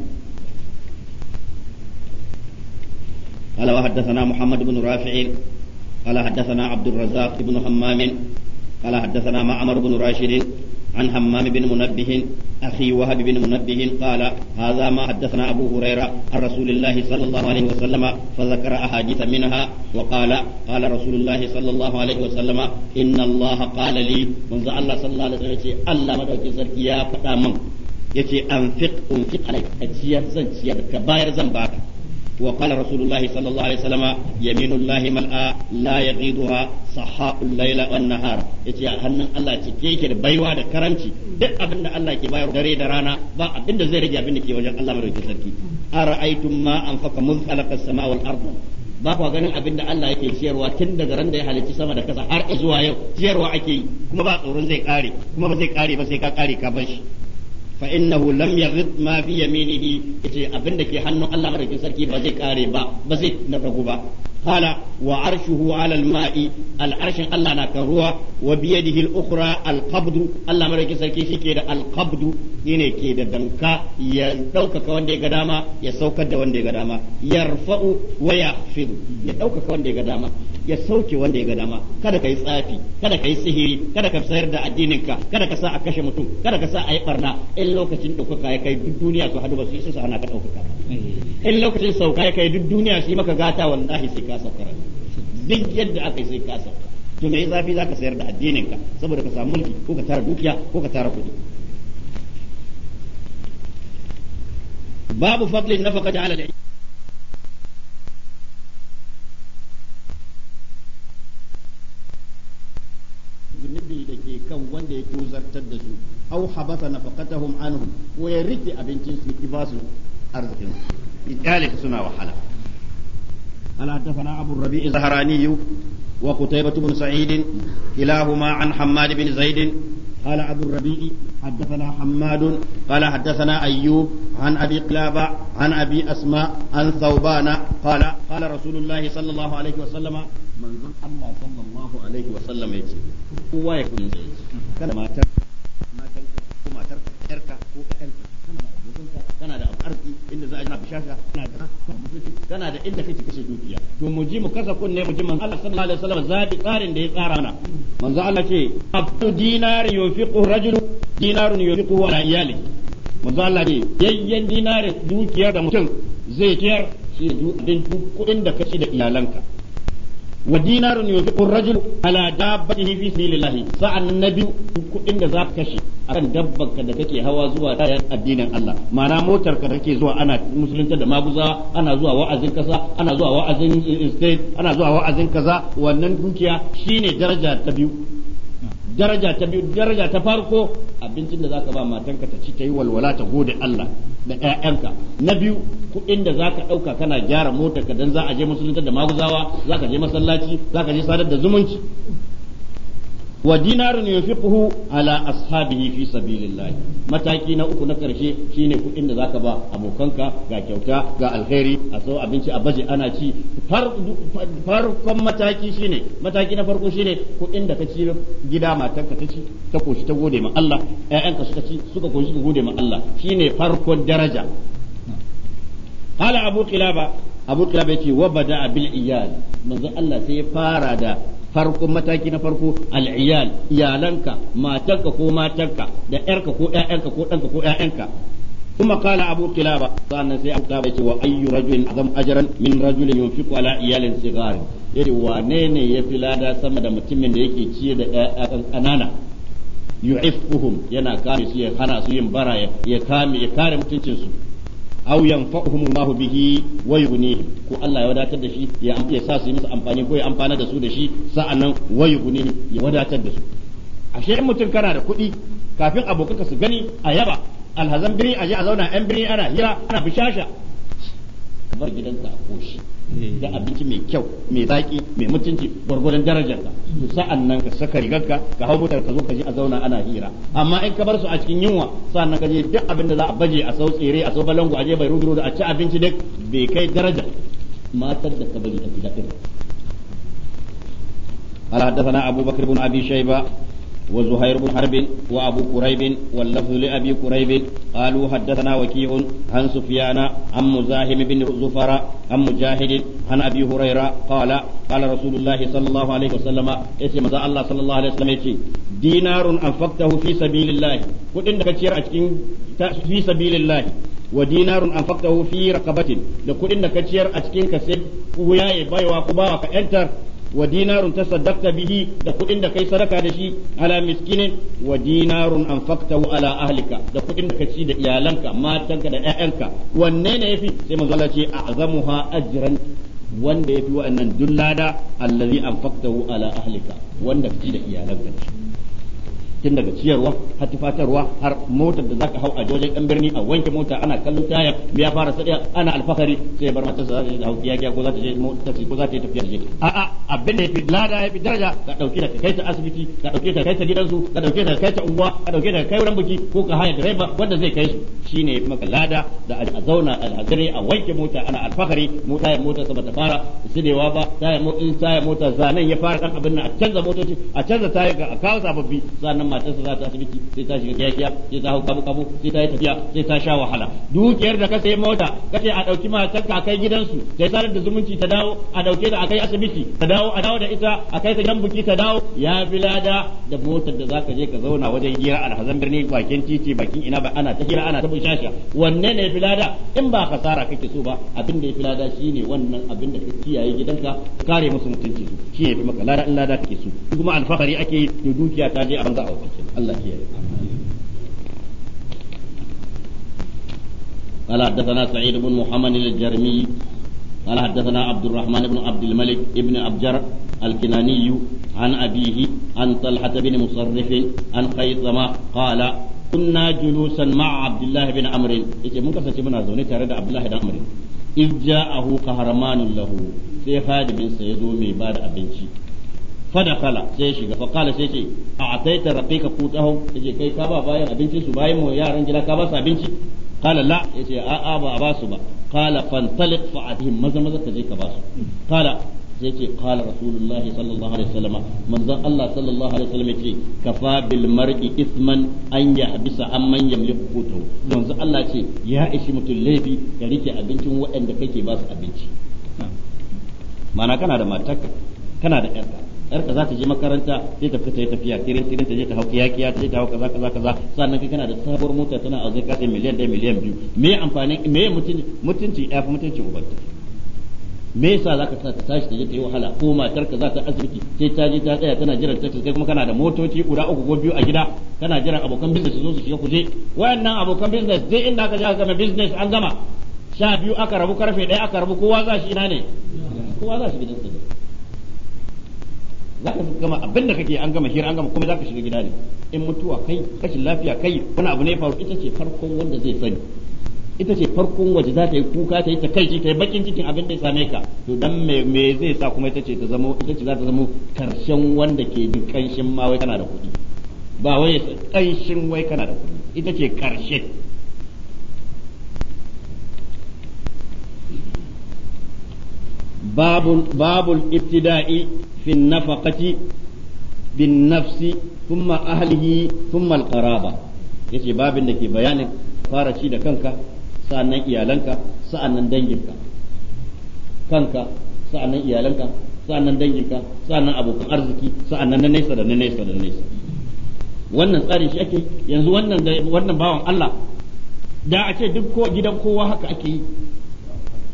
قال وحدثنا محمد بن رافع قال حدثنا عبد الرزاق بن همام قال حدثنا معمر بن راشد عن همام بن منبه أخي وهب بن منبه قال هذا ما حدثنا أبو هريرة عن رسول الله صلى الله عليه وسلم فذكر أحاديث منها وقال قال رسول الله صلى الله عليه وسلم إن الله قال لي منذ الله صلى الله عليه وسلم الله مدعوك سرك يا فتامم يتي أنفق أنفق عليك أتيار زن تيار كباير زن باك وقال رسول الله صلى الله عليه وسلم يمين الله ملأ لا يغيضها صحاء الليل والنهار hannun Allah cike yake da baiwa da karanci duk abin da Allah dare da rana ba abin rage abin ke wajen Allah ba kwa ganin abin da Allah yake ciyarwa tun daga ran da ya halicci sama da kasa har zuwa yau ciyarwa ake yi kuma ba tsoron zai kare kuma ba zai kare ba sai ka kare ka bar shi fa inna lam yaghid ma fi yaminihi yace abinda ke hannun Allah madaukakin sarki ba zai kare ba ba zai na ragu ba قال وعرشه على الماء العرش الله نكروا وبيده الأخرى القبض الله مريك سركي شي كده القبض هنا كده دنكا يدوك كوان دي قداما يسوك دوان دي قداما يرفع ويخفض يدوك كوان قداما يسوك وان قداما kada ka yi tsafi kada ka yi sihiri kada ka sayar da addininka kada ka sa a kashe mutum kada ka sa a yi barna in lokacin ɗaukaka ya kai duk su hadu ba su yi su ka in lokacin sauka ya kai duk duniya su maka gata wallahi ka sauka duk yadda aka yi sai ka sauka to mai zafi zaka sayar da addinin ka saboda ka samu mulki ko ka tara dukiya ko ka tara kudi babu fadlin faka ala al kan wanda ya tozartar da su au habata na nafaqatahum anhum ko ya rike abincin su ki ba su arzikin su suna wahala قال حدثنا أبو الربيع الزهراني وقتيبة بن سعيد كلاهما عن حماد بن زيد قال أبو الربيع حدثنا حماد قال حدثنا أيوب عن أبي قلابة عن أبي أسماء عن ثوبان قال قال رسول الله صلى الله عليه وسلم من ظن الله صلى الله عليه وسلم يجي هو يكون زيد كان ما ترك ما ترك ما ترك ترك هو كان كان أبو كان أبو أرضي إن زاجنا بشاشة كان kana da inda kake kashe dukiya to mu ji mu kasa kunne mu ji man Allah sallallahu alaihi wasallam zabi tsarin da ya tsara mana manzo Allah ce abdu dinar yufiqu rajul dinarun yufiqu ala iyali manzo Allah ce yayyen dinarin dukiyar da mutum zai tiyar shi duk kudin da kashi da iyalanka wa dinarun yunfiqu ar-rajulu ala dabbatihi fi sabilillah da zaka kashe akan dabbar da kake hawa zuwa tayar addinin Allah ma'ana motar ka take zuwa ana musulunta da maguza ana zuwa wa'azin kasa ana zuwa wa'azin eh, eh, state ana zuwa wa'azin kaza wannan dukiya shine daraja ta biyu daraja ta biyu daraja ta farko abincin da zaka ba matanka ta ci ta yi walwala ta gode Allah da ƴaƴanka na biyu kuɗin da zaka ɗauka kana gyara motarka ka dan za a je musulunta da maguzawa zaka je masallaci zaka je sadar da zumunci wa dinarun yunfiquhu ala ashabihi fi sabilillah mataki na uku na karshe shine kuɗin da zaka ba abokanka ga kyauta ga alheri a so abinci a baje ana ci farkon mataki shine mataki na farko shine kuɗin da ka ci gida matarka ka ci ta koshi ta gode ma Allah ƴaƴanka suka ci suka koshi ka gode ma Allah shine farkon daraja قال abu قلابة abu kilabe ce wa bada abil iyal manzo Allah sai ya fara da farko mataki na farko aliyal iyalanka matanka ko matanka da yarka ko yayanka ko danka ko yayanka kuma kala abu kilaba sannan sai abu kilaba ce wa ayyu rajulin azam ajran min rajulin yunfiqu ala iyalin sigari yadda wane ne ya fi lada sama da mutumin da yake ciye da ƴaƴan ƙanana yu'iffuhum yana kare su ya hana su yin bara ya ya kare mutuncin su aw yanfa'uhum Allah bihi wa yughnihim ko Allah ya wadatar da shi ya ya sa su yi masa amfani ko ya amfana da su da shi sa'annan wa yughnihim ya wadatar da su ashe in mutum kana da kuɗi kafin abokanka su gani a yaba alhazan birni aje a zauna yan birni ana hira ana bishasha kamar gidanka a koshi Eh. da abinci mai kyau mai zaki mai mutunci gwargwadon darajar ka sa'an nan ka saka rigarka ka hau motar ka zo ka je a zauna ana hira amma in ka bar su a cikin yunwa sa'an nan ka je duk abin da za a baje a sau tsere a sau balangu a je bai rudu da a ci abinci duk bai kai daraja matar da ka bari ta fi daɗin Ala حدثنا أبو بكر بن أبي وزهير بن حرب وابو كريب واللفظ لابي كريب قالوا حدثنا وكيع عن سفيان عن مزاحم بن زفر عن مجاهد عن ابي هريره قال قال رسول الله صلى الله عليه وسلم اسم الله صلى الله عليه وسلم يتي دينار انفقته في سبيل الله كدن كثير اكين في سبيل الله wa dinarun an faktahu fi raqabatin da kudin da ka ciyar a cikin ka sai wuya ya baiwa ku bawa ka yantar wa dinarun tasaddaqta bihi da kudin da kai sadaka da shi ala miskinin wa dinarun anfaqtahu ala ahlika da kudin da ka ci da iyalanka matanka da ƴaƴanka wanne ne yafi sai manzo Allah ce a'zamuha ajran wanda yafi wa'annan dullada allazi anfaqtahu ala ahlika wanda ka ci da iyalanka da shi tun daga ciyarwa har tufatarwa har motar da za ka hau a wajen ɗan birni a wanke mota ana kallon taya ya fara sadiya ana alfahari sai bar matarsa za ta ya gya ko za ta je mota ko za ta yi tafiya je a a abin da fi lada fi daraja ka dauke ta kai ta asibiti ka dauke ta kai ta gidansu ka dauke ta kai ta unguwa ka dauke ta kai wurin biki ko ka haya direba wanda zai kai su shine ne maka lada da a zauna alhazari a wanke mota ana alfahari mota ya mota sama ta fara sidewa ba taya mota taya mota zanen ya fara kan abin nan a canza motoci a canza taya a kawo sababbi sannan nan matarsa za ta asibiti sai ta shiga kiyakiya sai ta hau kabu kabu sai ta yi tafiya sai ta sha wahala dukiyar da ka sayi mota ka ce a dauki matar ka kai gidansu sai sanar da zumunci ta dawo a dauke ta akai asibiti ta dawo a dawo da ita a kai ta gidan buki ta dawo ya fi lada da motar da zaka je ka zauna wajen hira alhazan birni bakin titi bakin ina ba ana ta gira ana ta bushasha wanne ne fi lada in ba kasara kake so ba abin da ya fi lada ne wannan abin da ka kiyaye gidanka kare musu mutunci su shi ya fi maka lada in lada kake so kuma alfahari ake to dukiya ta je a banza a madaukakin Allah ya قال حدثنا سعيد بن محمد الجرمي قال حدثنا عبد الرحمن بن عبد الملك ابن أبجر الكناني عن أبيه عن طلحة بن مصرف عن خيثمة قال كنا جلوسا مع عبد الله بن عمرو يجي من كسر من هذول ترى عبد الله بن عمرو إذ جاءه قهرمان له sai hadimin sa ya zo mai ba da abinci fadakala sai shiga fa kala sai ce a ataita raqiqa qutahum yace kai ka ba bayan abincin su bayan mu yaran gida ka ba su abinci kala la yace a a ba a ba su ba kala fantaliq fa atihim maza maza ka je ka ba su kala sai ce kala rasulullah sallallahu alaihi wasallam manzon Allah sallallahu alaihi wasallam yace kafa bil mar'i isman an yahbisa amman yamliku manzon Allah ce ya ishi mutum laifi ka rike abincin waɗanda kake ba su abinci mana kana da matarka kana da ƴarka ka za ta je makaranta sai ta fita tafiya tirin tirin ta je ta hau kiyakiya ta je ta hau kaza kaza kaza sannan kai kana da sabuwar mota tana a zaka miliyan ɗaya miliyan biyu me amfani me mutunci mutunci ya fi mutunci ubanta me yasa zaka sa ta tashi ta je ta yi wahala ko matar ka za ta asibiti sai ta je ta tsaya tana jiran ta kai kuma kana da motoci guda uku ko biyu a gida kana jiran abokan business su zo su shiga kuje wayannan abokan business dai inda ka je aka gama business an gama sha biyu aka rabu karfe ɗaya aka rabu kowa za shi ina ne kowa za shi gidansa zaka gama abin da kake an gama hira an gama komai zaka shiga gida ne in mutuwa kai kashin lafiya kai wani abu ne faru ita ce farkon wanda zai sani ita ce farkon waje za ta yi kuka ta yi ta kai ta yi bakin cikin abin da ya same ka to dan me me zai sa kuma ita ce ta zamo ita ce za ta zamo karshen wanda ke bin kanshin ma wai kana da kuɗi ba wai kanshin wai kana da kuɗi ita ce karshe babul babul ibtida'i في النفقة بالنفس ثم أهله ثم القرابة يتي باب لك بيانك فارشي لكنك سأنا إيالنك سأنا دنجنك kanka sa'annan iyalanka sa'annan danginka nan abokan arziki sa'annan nan nesa da na da nesa wannan tsarin shi ake yanzu wannan wannan bawan Allah da a ce duk gidan kowa haka ake yi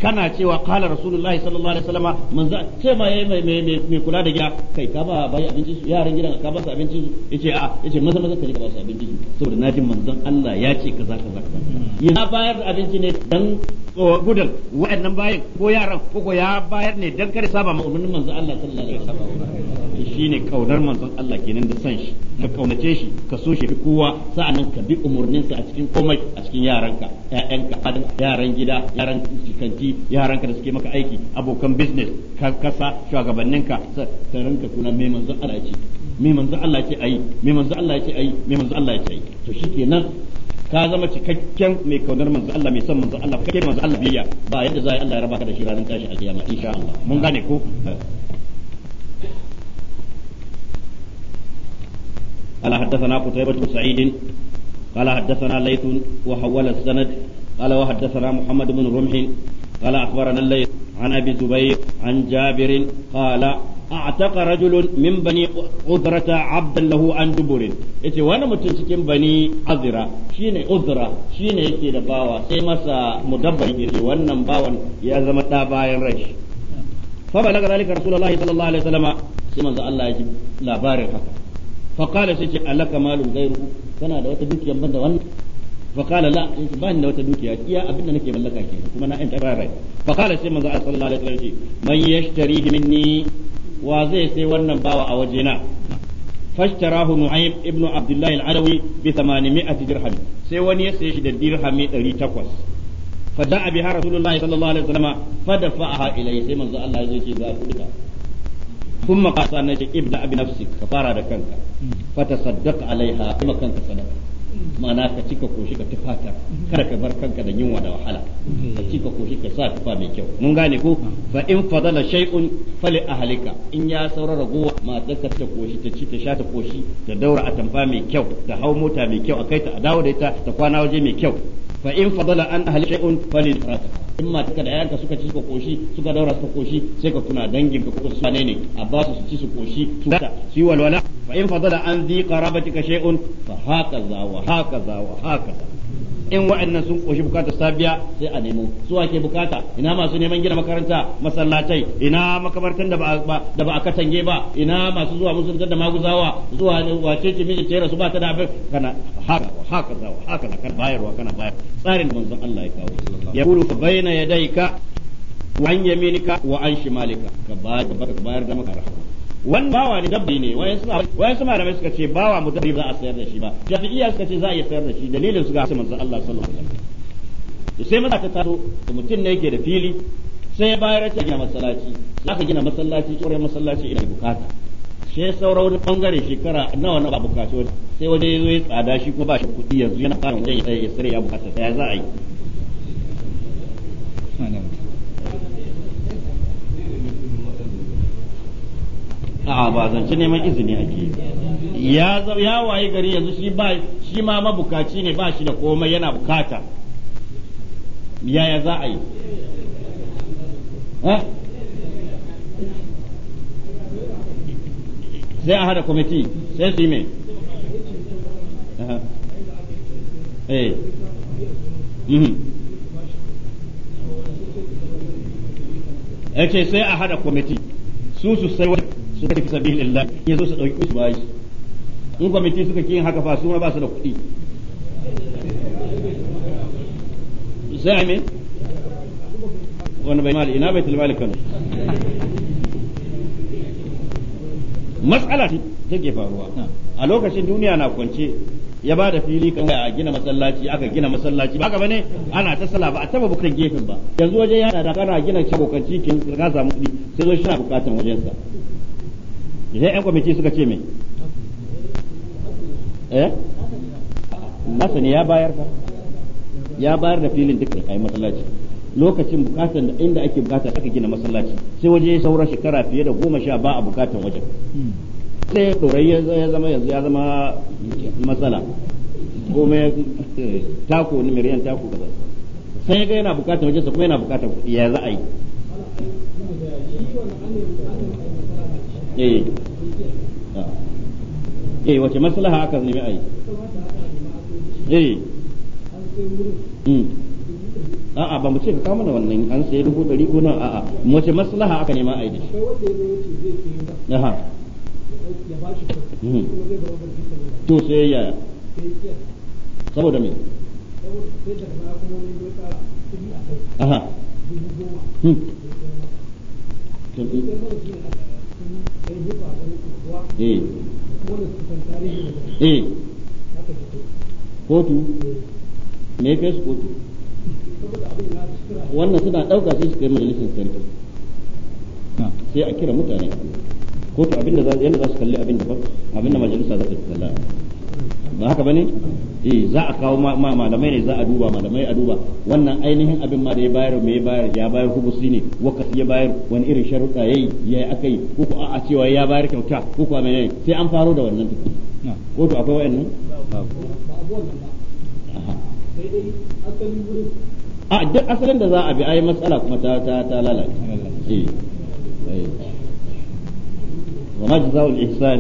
kana cewa kala rasulullahi sallallahu alaihi wasallam za ce ma yayi mai mai mai kula da gida kai ka ba bai abinci su yaran gidan ka ba su abinci su yace a yace maza maza ka ba su abinci su saboda na jin manzon Allah ya ce kaza kaza kaza yana bayar da abinci ne dan gudan waɗannan bayan ko yaran ko ya bayar ne dan kare saba ma umarnin manzon Allah sallallahu alaihi wasallam shi shine kaunar manzon Allah kenan da san shi ka kaunace shi ka so shi kowa sa'annan ka bi umurninsa a cikin komai a cikin yaranka ƴaƴanka yaran gida yaran cikanti yaranka da suke maka aiki abokan business ka kasa shugabanninka ka ranka kuna mai manzon Allah ce mai manzon Allah ce ayi mai manzon Allah ce ayi mai manzon Allah ce ayi to shikenan ka zama cikakken mai kaunar manzo Allah mai son manzo Allah kake manzo Allah biyayya ba yadda za Allah ya raba ka da shi ranar tashi a kiyama insha Allah mun gane ko قال حدثنا قتيبة بن سعيد قال حدثنا ليث وحول السند قال وحدثنا محمد بن رمح قال أخبرنا الليث عن أبي زبير عن جابر قال اعتق رجل من بني عذرة عبدا له عن دبر yace wani mutum cikin bani azira shine uzra shine yake da bawa sai masa mudabbar yace wannan bawan ya zama da bayan rai fa balaga zalika rasulullahi sallallahu alaihi wasallama sai manzo Allah ya labarin haka fa qala sai alaka malun gairu kana da wata dukiya banda wannan fa qala la yace ba ni da wata dukiya iya abinda nake mallaka ke kuma na enta rai fa qala sai manzo sallallahu alaihi wasallam ce man yashtari minni wa zai sai wannan bawa a wajena فاشتراه نعيم ابن عبد الله العلوي ب 800 درهم سي وني يسي ده درهم 800 فجاء بها رسول الله صلى الله عليه وسلم فدفعها ala سي منزل الله يزكي ذا ثم قال سنة ابدأ بنفسك كفارة كنك فتصدق عليها كما كنك صدقة ma'ana ka cika koshi ka tufata kada ka bar kanka da yunwa da wahala ka cika koshi ka sa tufa mai kyau mun gane ko fa in fadala fale fali ahlika in ya saura ragowa matar ka ta koshi ta ci ta sha ta koshi ta daura atamfa mai kyau ta hau mota mai kyau a akai ta dawo da ita ta kwana waje mai kyau fa in fadala an ahli shay'un falil farata in ma taka da yanka suka ci suka koshi suka daura suka koshi sai ka tuna dangin ka ko sane ne a ba su ci su koshi su da walwala fa in fadala an dhi qarabatika shay'un fa haka wa haka wa haka. in wa'annan sun koshi bukata sabiya sai a nemo su ake bukata ina masu neman gina makaranta masallatai ina makabartan da ba da ba a katange ba ina masu zuwa musu da maguzawa zuwa wace ce miji tera su ba ta da abin kana haka haka zawa haka da kan bayarwa kana bayar tsarin manzon Allah ya kawo ya kulu fa baina yadayka wa an yaminika wa an shimalika ka bayar da maka rahama wani bawa ne dabbi ne wayan da malamai suka ce bawa mu dabbi za a sayar da shi ba shafi'iyya suka ce za a iya sayar da shi dalilin su ga su Allah sallallahu alaihi wasallam sai mata ta taso mutum ne yake da fili sai ya bayar ta gina masallaci zaka gina masallaci tsoron masallaci ina bukata sai saura bangare shekara nawa na ba bukaci sai waje ya zo ya tsada shi kuma ba shi kuɗi yanzu yana fara wajen ya sai ya bukata sai za a yi a'a ba zance neman izini ake ya ya waye gari yanzu shi ba shi ma mabukaci ne ba shi da komai yana bukata yaya za a yi sai a hada kwamiti sai su yi mai eh. mhm. ya ce sai a hada kwamiti su su sai su kafi sabilillah ya zo su dauki su bayi in kwamiti suka kin haka fa su ma ba su da kuɗi sai ai me wani bai mali ina bai tilmali kano matsala take faruwa a lokacin duniya na kwance ya ba da fili kan a gina masallaci aka gina masallaci ba gaba ne ana ta sala ba a taba bukatar gefen ba yanzu wajen yana da kana gina shagokanci kin ka samu kudi sai zo shi na bukatar wajensa idan yan kwamiti suka ce mai eh masani ya bayar ka ya bayar da filin duka ai masallaci lokacin bukatar da inda ake bukata aka gina masallaci sai waje ya saura shekara fiye da goma sha ba a bukatan wajen sai ɗorai ya zama yanzu ya zama matsala goma ya tako ni miliyan tako kaza sai ya ga yana bukatar sa kuma yana bukatar kuɗi ya za a yi yayi eh. Ah. eh wace maslaha aka nemi ai eh hmm. a'a ba mu ce ka kawo mana wannan an sai dubu dari ko nan a'a wace maslaha aka nema a yi da aha hmm. to sai ya saboda me aha hmm. Eh. eh kotu ne kai su kotu wannan suna ɗauka sai su kai majalisar sarki sai a kira mutane kotu abinda za za su kalli abinda ba abinda majalisa za ta kalla ba haka bane eh za a kawo malamai ne za a duba malamai a duba wannan ainihin abin ma da ya bayar me ya bayar ya bayar hubusi ne waka ya bayar wani irin sharuɗa yayi ya akai ko ko a cewa ya bayar kyauta ko ko menene sai an faro da wannan tukun ko to akwai wayannan a duk asalin da za a bi ai matsala kuma ta ta lalace eh. ma jazaa'ul ihsan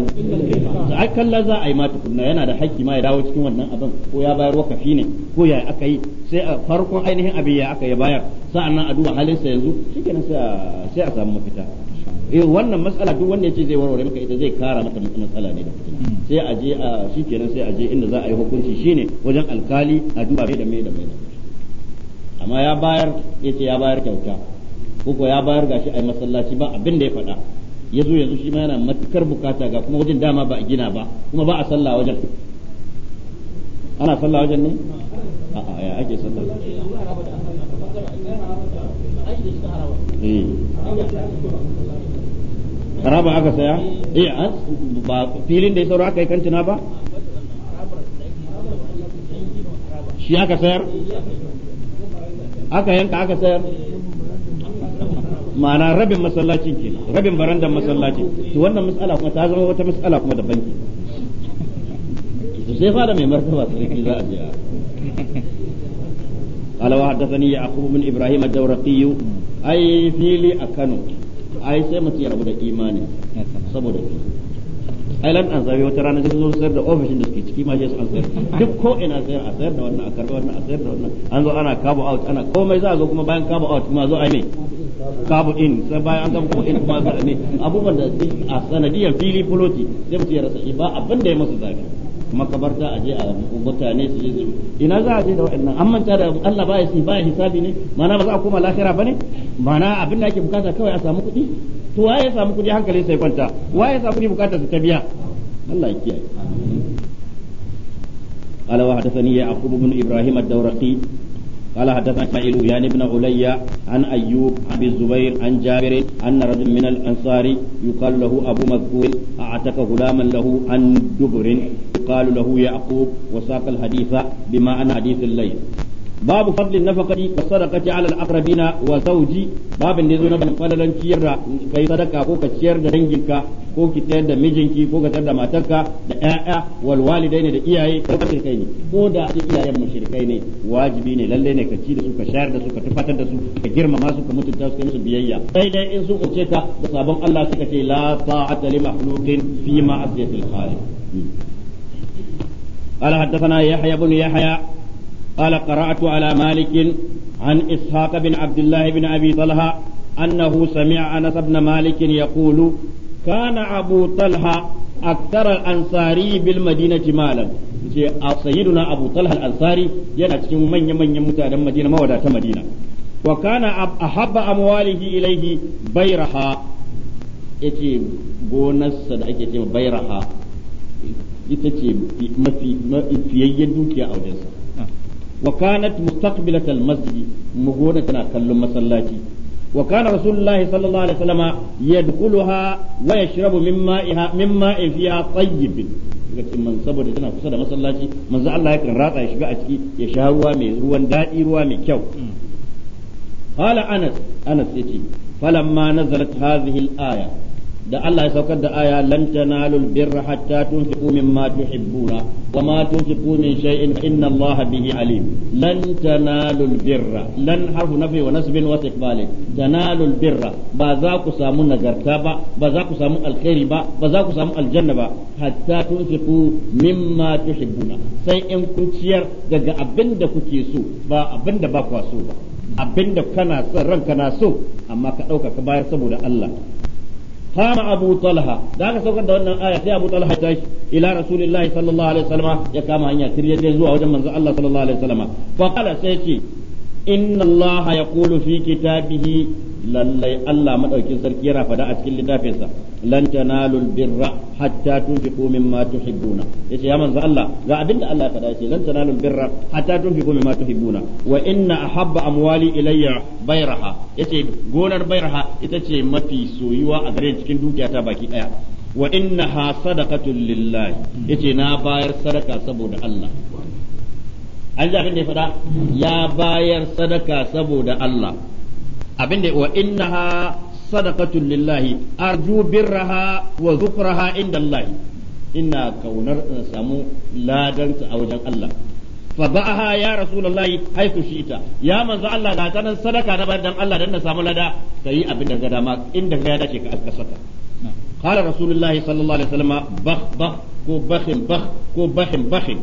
ai kalla za a yi ma kunna yana da haƙƙi ma ya dawo cikin wannan abin ko ya bayar wakafi ne ko ya aka yi sai a farkon ainihin abin ya aka ya bayar sa'annan a duba halinsa yanzu shikenan sai a sai a samu mafita eh wannan matsala duk wanda yace zai warware maka ita zai kara maka matsala ne da sai a je a shikenan sai a je inda za a yi hukunci shine wajen alkali a duba bai da mai da mai amma ya bayar yace ya bayar kyauta ko ya bayar gashi a masallaci ba abin da ya faɗa ya zo yanzu shi ma yana matukar bukata ga kuma wajen dama ba a gina ba kuma ba a sallah wajen ana sallah wajen ne a'a ya ake sallah araba eh. aka saya eh ba filin da ya sauro aka yi kantina ba shi aka sayar aka yanka aka sayar ma'ana rabin masallacin ke rabin barandan masallacin to wannan matsala kuma ta zama wata matsala kuma da banki sai fara mai martaba sarki za a je قال وحدثني يعقوب بن ابراهيم الدورقي اي فيلي اكنو اي sai da imani saboda ai lan an zabe wata rana sayar da ofishin da suke ciki ma an sayar duk ko ina sayar a sayar da wannan a wannan a sayar da wannan an zo ana kabo out za zo kuma bayan kabo out kuma zo a babu in sai bayan an gama kuma in kuma fara ne abubuwan da a sanadiyar fili fuloti sai mutum ya rasa ba abin da ya masa zafi makabarta a je a mutane su je ina za a je da waɗannan an manta da Allah ba ya si ba ya hisabi ne mana ba za a koma lahira ba ne mana abin da ake bukata kawai a samu kuɗi to waye ya samu kuɗi hankali sai kwanta waye ya samu kuɗi bukata su ta biya Allah ya kiyaye قال وحدثني يعقوب بن ابراهيم الدورقي قال حدثنا اسماعيل يعني ابن علي عن ايوب عن الزبير عن جابر ان رجل من الانصار يقال له ابو مذكور اعتق غلاما له عن دبر يقال له يعقوب وساق الحديث بمعنى حديث الليل babu fadlin nafaqati wa sadaqati ala al-aqrabina wa zawji babin da yazo na ciyar da kai sadaka ko ka ciyar da danginka ko ki tayar da mijinki ko ka tayar da matarka da ƴaƴa wal walidaini da iyaye da kai ne ko da iyayen ne wajibi ne lallai ne ka ci da su ka shayar da su ka tufatar da su ka girmama su ka mutunta su ka musu biyayya sai dai in sun umarce ka da sabon Allah suka ce la ta'ata li makhluqin fi ma'asiyatil khaliq قال حدثنا يحيى بن يحيى قال قرأت على مالك عن إسحاق بن عبد الله بن أبي طلحة أنه سمع أنس بن مالك يقول كان أبو طلحة أكثر الأنصاري بالمدينة مالا سيدنا أبو طلحة الأنصاري ينأتي من يمن يمتى مدينة مودة مدينة وكان أحب أمواله إليه بيرها yace gonarsa da ake ce bayraha ita ce mafi fiyayyen dukiya a wajensa wa kanat mustaqbilat al-masjid mugona tana kallon masallaci wa kana rasulullah sallallahu alaihi wasallam yadkhuluha wa yashrabu min ma'iha min ma'in fiha tayyib saboda tana kusa da masallaci manzo Allah ya kan ratsa ya shiga a ciki ya sha ruwa mai ruwan daɗi ruwa mai kyau mm. qala anas anas yace falamma nazalat hadhihi al-aya da Allah ya saukar da aya lan tanalul birra hatta tunfiqu mimma tuhibbuna wa ma tunfiqu min shay'in inna Allah bihi alim lan tanalul birra lan harfu nafi wa nasbin wa istiqbal tanalul birra ba za ku samu nagarta ba ba za ku samu alkhairi ba ba za ku samu aljanna ba hatta tunfiqu mimma tuhibbuna sai in kun ciyar daga abinda kuke so ba abinda ba ku so ba abinda kana son ranka na so amma ka ɗauka ka bayar saboda Allah قام أبو طلحة ذاك سوف أن آية يا أبو طلحة تعيش إلى رسول الله صلى الله عليه وسلم يا كما أن يتريد يزوى وجمع الله صلى الله عليه وسلم فقال سيتي inna allaha yaqulu fi kitabihi lallai Allah madaukin sarki yana fada a cikin littafinsa lan tanalu birra hatta tunfiqu mimma tuhibbuna yace ya manzo Allah ga abinda Allah ya fada yace lan tanalu birra hatta tunfiqu mimma tuhibbuna wa inna ahabba amwali ilayya bayraha yace gonar bayraha ita ce mafi soyuwa a gare cikin ta baki ɗaya wa innaha sadaqatun lillahi yace na bayar sadaka saboda Allah an ji abin da ya faɗa ya bayar sadaka saboda Allah abin da wa ha sadaqatun lillahi arju birraha wa zukraha inda Allah ina kaunar in samu ladanta a wajen Allah fa ba'aha ya rasulullahi haiku ita ya manzo Allah ga ta sadaka na bayar dan Allah dan na samu lada kai abin da ga dama inda ga ya dace ka saka قال رسول الله صلى الله عليه وسلم بخ بخ ko bahin bah ko bahin bahin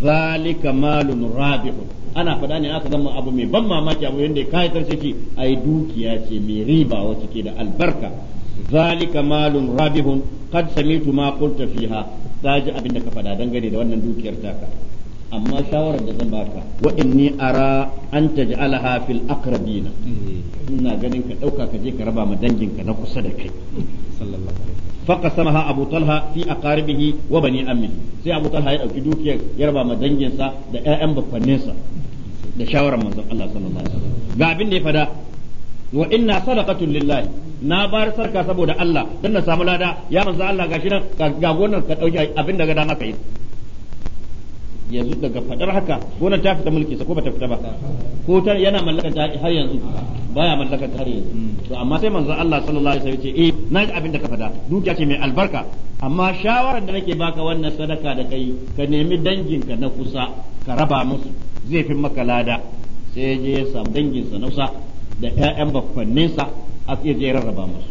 zalika malun rabihun ana faɗa ne aka zama abu mai ban mamaki abu yadda kai karshe ce ai dukiya ce mai riba wacce ke da albarka zalika malun rabihun qad samitu ma qulta fiha taji abinda ka faɗa dangane da wannan dukiyar taka amma shawarar da zan baka wa inni ara an taj'alaha fil aqrabina ina ganin ka dauka ka je ka raba ma danginka na kusa da kai sallallahu alaihi faqasamaha abu talha fi aqaribihi wa bani ammihi sai abu talha ya dauki dukiyar ya raba ma danginsa da ƴaƴan bakwanninsa da shawarar manzon Allah sallallahu alaihi wasallam ga abin da ya fada wa inna sadaqatun lillahi na bar sarka saboda Allah dan na samu lada ya manzo Allah gashi nan ga gonar ka dauki abin da ga dama kai yanzu daga fadar haka gonar ta fita mulki sa ko bata fita ba ko ta yana mallakar ta har yanzu baya mallakar ta har yanzu to amma sai manzo Allah sallallahu alaihi wasallam ya ce eh na ga abin da ka fada dukiya ce mai albarka amma shawaran da nake baka wannan sadaka da kai ka nemi danginka na kusa ka raba musu zai fi maka lada sai je ya samu danginsa na kusa da ƴaƴan bakwanninsa a iya je rarraba musu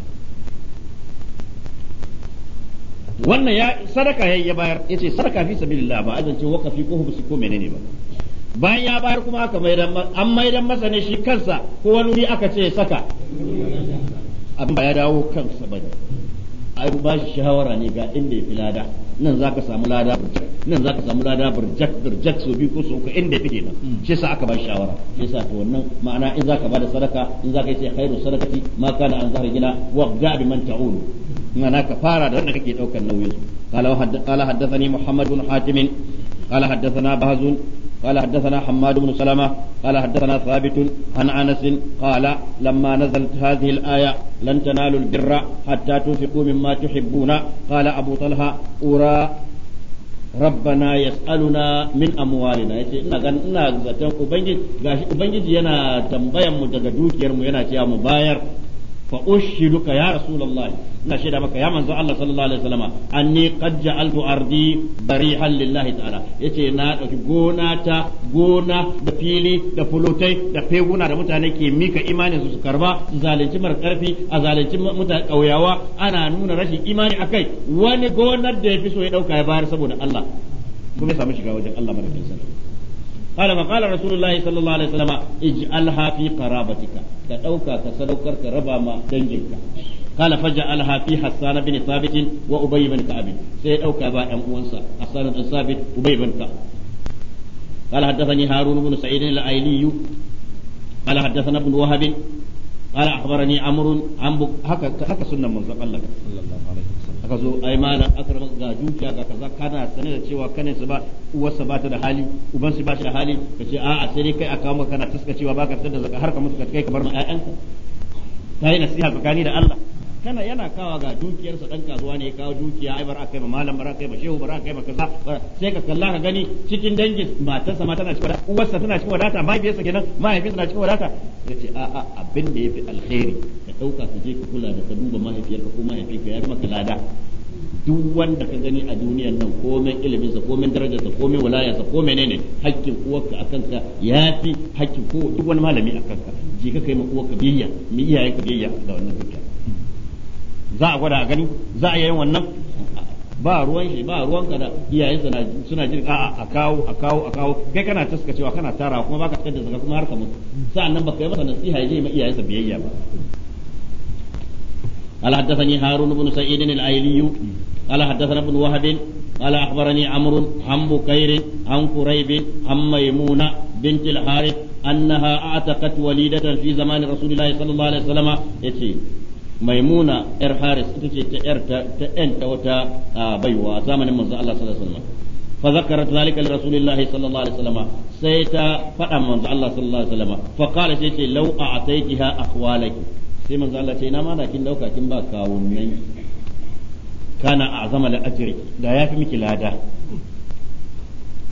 wannan ya sadaka ya ya bayar yace sadaka fi sabilillah ba azance wakafi ko hubusi ko menene ba bayan ya bayar kuma aka mai an dan masa ne shi kansa ko wani aka ce saka abin ba ya dawo kansa bane ai ba shi shawara ne ga inda ya fi lada nan za ka samu lada burjak nan za ka samu lada burjak burjak so biyu ko so uku inda ya fi kenan shi yasa aka ba shi shawara shi yasa to wannan ma'ana in za ka ba da sadaka in za ka yi sai khairu sadakati ma kana an zahar gina wa gabi man ta'un ma'ana ka fara da wanda kake daukar nauyin su قال muhammadun hatimin بن حاتم bahzun. قال حدثنا حماد بن سلمة قال حدثنا ثابت عن أنس قال لما نزلت هذه الآية لن تنالوا البر حتى تنفقوا مما تحبون قال أبو طلحة أرى rabbana yas'aluna min amwalina yace ina ina zaton ubangiji yana tambayan mu daga dukiyar mu yana cewa mu bayar fa ushiduka ya rasulullahi ina shaida maka ya manzo Allah sallallahu alaihi wasallam anni qad ja'altu ardi barihan lillahi na dauki gona ta gona da fili da fulotai da feguna da mutane ke mika imani karba zalunci mar ana nuna rashin imani akai wani gonar da yafi so ya dauka ya saboda Allah kuma ya samu wajen Allah madaukakin قال فقال رسول الله صلى الله عليه وسلم اجعلها في قرابتك كدوكا كسدوكر كربا ما دنجنك قال فجعلها في حسان بن ثابت وابي بن كعب سيدوكا با ان uwansa حسان بن ثابت وابي بن كعب قال حدثني هارون بن سعيد الايلي قال حدثنا ابن وهب قال أخبرني عمرو عن بك هكا هكا سنة من الله الله عليه وسلم هكا زو أي مالا أكرم غاجوك يا كذا كان سنة cewa كان سبا وسبا تدحالي وبن سبا تدحالي كشي آه أسيري كي أكامو كان تسكى cewa باكا تدى زكا هركا مسكا كي كبرنا آئنك ta yi nasiha tsakani da Allah kana yana kawa ga dukiyarsa dan kasuwa ne ya kawo dukiya ai bara kai ma malam bara kai ma shehu bara kai ma kaza sai ka kalla ka gani cikin dangin matarsa ma tana cikin wadata uwarsa tana cikin wadata mahaifiyarsa kenan mahaifiyarsa na cikin wadata yace a a abin da yafi alkhairi ka dauka ka je ka kula da ka duba mahaifiyarka ko mahaifinka ya maka lada duk wanda ka gani a duniyar nan komai iliminsa komai darajarsa komai walayarsa ko menene hakkin uwarka a kanka ya fi hakkin ko duk wani malami akan ka je ka kai ma uwarka biyayya mi iyayenka biyayya da wannan dukiya za a gwada a gani za a yi wannan ba ruwan shi ba ruwan ka da iyayen suna suna jin a'a a kawo a kawo a kawo kai kana cewa kana tara kuma baka fitar da zaka kuma har ka mutu sa'annan baka yi masa nasiha ya ma iyayen sa biyayya ba قال حدثني هارون بن سعيد الايلي قال حدثنا ابن وهب قال اخبرني عمرو عن بكير عن قريب عن ميمونه بنت الحارث انها اعتقت وليده في زمان رسول الله صلى الله عليه وسلم maimuna yar haris ita ce ta yar ta yan ta wata baiwa zamanin manzo Allah sallallahu alaihi wasallam fa zakarat zalika lirasulillah sallallahu alaihi wasallam sai ta fada manzo Allah sallallahu alaihi wasallam fa qala sai ce law a'taytiha akhwalaki sai manzo Allah ce ina ma da kin dauka kin ba kawunnan kana azama la ajri da yafi miki lada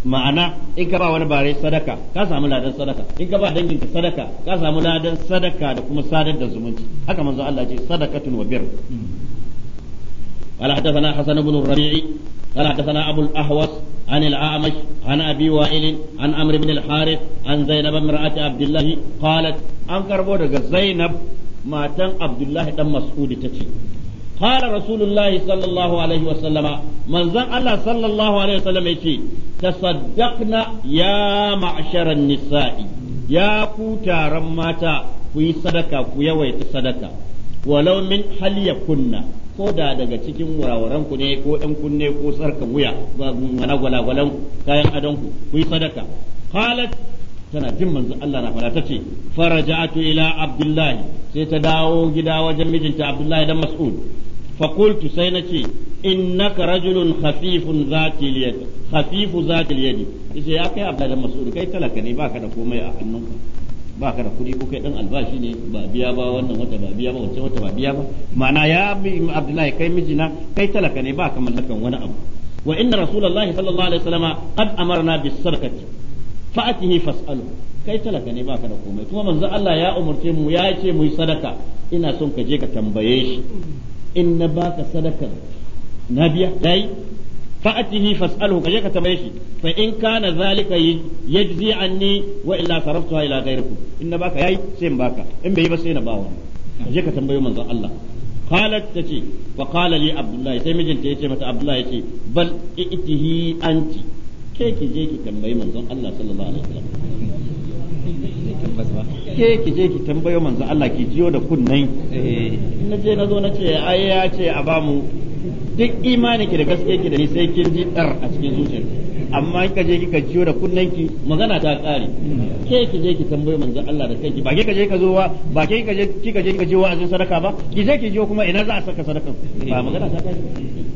ma'ana in ka ba wani bare sadaka ka samu ladan sadaka in ka ba danginka sadaka ka samu ladan sadaka da kuma sadar da zumunci haka manzo Allah ce sadakatun wa bir قال حدثنا حسن بن الربيع قال حدثنا أبو الأحوص عن الأعمش عن أبي وائل عن أمر بن الحارث عن زينب امرأة عبد الله قالت أنكر بودك زينب ما تن عبد الله دم مسعود تتي قال رسول الله صلى الله عليه وسلم من زن الله صلى الله عليه وسلم يتي tasaddaqna ya ma'sharan nisa'i ya ku taran mata ku yi sadaka ku yawaita sadaka walau min hal kunna ko da daga cikin wuraren ku ne ko ɗan kunne ko sarka wuya mana gwalagwalan kayan adonku ku yi sadaka qalat tana jin manzo Allah na fara tace faraja'atu ila abdullahi sai ta dawo gida wajen mijinta abdullahi dan mas'ud فقلت سينتي إنك رجل خفيف ذات اليد خفيف ذات اليد إذا يا كي عبد الله مسؤول كي تلك نباك نقوم يا أحنوك ba ka da kuɗi ko kai ɗan albashi ne ba biya ba wannan wata ba biya ba wancan wata ba biya ba ma'ana ya bi Abdullahi kai mijina kai talaka ne ba mallakan wani abu wa inna rasulullahi sallallahu alaihi wasallama qad amarna bis sadaqati fa'atihi fas'alu kai talaka ne baka da komai kuma manzo Allah ya umurce mu ya ce mu yi sadaka ina son ka je ka tambaye shi in na baka sadakar na biya yayi fa'atihi fas'alhu kaje ka tambaye shi fa in kana zalika yajzi anni wa illa saraftuha ila ghayrikum in na baka yayi sai in baka in bai yi ba sai na bawa kaje ka tambayo manzon Allah قالت تتي فقال لي عبد الله sai mijinta yace mata Abdullah yace bal itihi anti ke ki je ki tambayi manzon Allah sallallahu alaihi wasallam ke ki je ki tambayo manzo Allah ki jiyo da kunnai eh. na je na zo na ce ai ya ce a ba mu duk imani ki da gaske ki da ni sai kin ji dar a cikin zuciyar amma ka je kika jiyo da kunnai ki magana ta kare ke ki je ki tambayo manzo Allah da kanki ba ke ka je ka zo ba ba ke ka je ka je kika je wa'azin sadaka ba ki je ki jiyo kuma ina za a saka sadaka ba magana ta kare eh.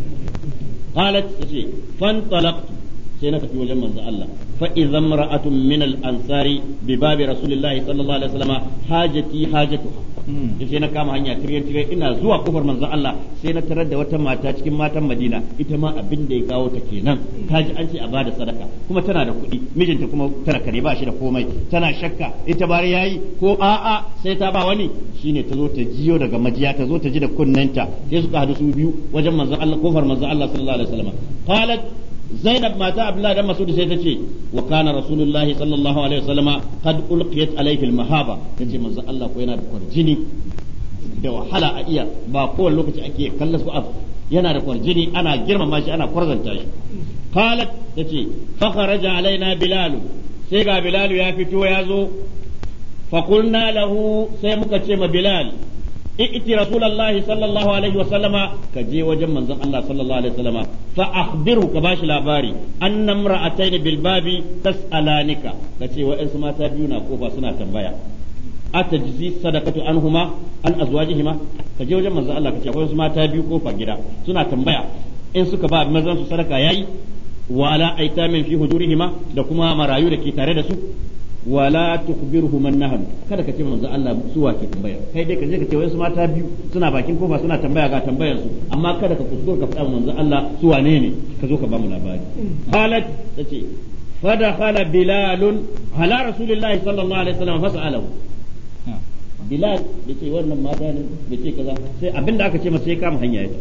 qalat tace fan talaqtu sai na tafi wajen manzo Allah fa idzam ra'atun min al-ansari bi babi rasulillahi sallallahu alaihi wasallam hajati hajatuha sai hmm. na kama hanya tiryan tiryan ina zuwa kofar manzo Allah sai na tarar da wata mata cikin matan Madina ita ma abin da ya kawo ta kenan ta hmm. ji an ce a bada sadaka kuma tana da kuɗi mijinta kuma tana kare ba shi da komai tana shakka ita bare yayi ko a'a sai ta ba wani shine ta zo ta jiyo daga majiya ta zo ta ji da kunnenta sai suka hadu su biyu wajen manzo Allah kofar manzo Allah sallallahu alaihi wasallam qalat zainab mata abdullahi da masud sai ta ce wa kana rasulullahi sallallahu alaihi wasallama qad ulqiyat alaihi almahaba tace manzo Allah ko yana da kwarjini da wahala a iya ba kowane lokaci ake kallon su yana da kwarjini ana girmama shi ana kwarzanta shi qalat tace fa kharaja alaina bilalu sai ga bilalu ya fito ya zo fa qulna lahu sai muka ce ma bilal ائت رسول الله صلى الله عليه وسلم كجي وجن من الله صلى الله عليه وسلم فأخبره كباش لاباري أن امرأتين بالباب تسألانك كجي وإنس ما تابيونا كوفا سنة تنبايا أتجزي صدقة عنهما عن أزواجهما كجي وجن من الله كجي وإنس ما تابيو كوفا جدا سنة تنبايا إن سكا باب مزان صدقة ياي wala aitamin fi hujurihima da kuma marayu da ke tare da su wala tukhbiruhu man nahnu kada ka ce manzo Allah suwa ke tambaya kai dai ka je ka ce wasu mata biyu suna bakin kofa suna tambaya ga tambayar su amma kada ka kuskura ka faɗa manzo Allah su ne ne ka zo ka ba mu labari qalat tace fadakhala bilalun ala rasulillahi sallallahu alaihi wasallam fasalahu bilal yace wannan mata ne yace kaza sai abinda aka ce masa sai kama hanya yace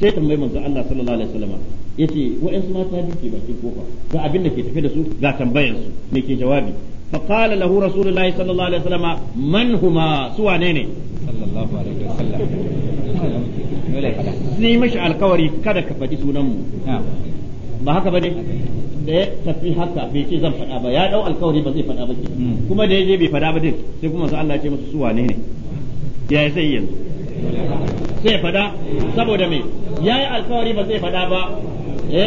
sai tambayi manzo Allah sallallahu alaihi wasallam yace wa'ansu mata duke bakin kofa ga abin da ke tafe da su ga tambayar su me ke jawabi fa qala lahu rasulullahi sallallahu alaihi wasallam man huma su wane ne sallallahu alaihi wasallam ni mashi alkawari kada ka faɗi sunan mu ba haka bane da ya tafi haka bai ce zan faɗa ba ya dau alkawari ba zai faɗa ba ke hmm. kuma da yaje bai faɗa ba din sai kuma sai Allah ya ce musu su wane ne ya sai yanzu sai faɗa saboda me yayi alkawari ba zai faɗa ba eh eh (laughs)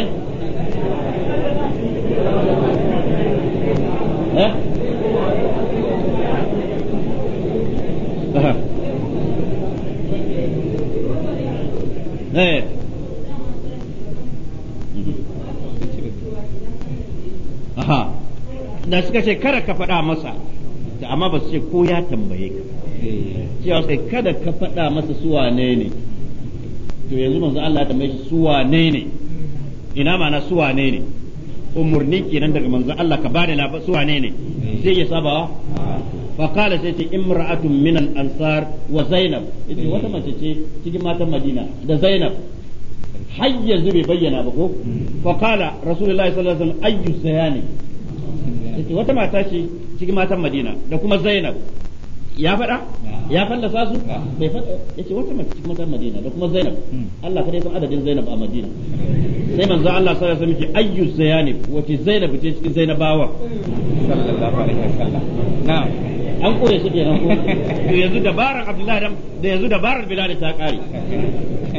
eh da suka ce kada ka faɗa masa amma ba su ce ko ya tambaye ka cewa eh. sai kada ka faɗa masa su wane ne to yanzu manzo Allah ya tambaye shi su wane ne ina mana suwa ne ne umurni kenan daga manzo Allah ka bada labar suwa ne ne sai ya saba fa qala sai ce imra'atun min al ansar wa zainab ita eh. wata mace ce cikin madina da zainab har yanzu bai bayyana ba ko hmm. fa qala rasulullahi sallallahu alaihi wasallam ayyu sayani ita wata mata ce cikin madina da kuma zainab ya faɗa ya fallasa su bai faɗa ce wata mace cikin mazan Madina da kuma Zainab hmm. Allah kada ya san adadin Zainab a Madina sai manzo Allah sai ya san miki ayyu zayanib wace Zainab ce cikin Zainabawa sallallahu alaihi wasallam na'am an kore su kenan ko (laughs) to yanzu dabarar Abdullahi da yanzu dabarar Bilal ta kare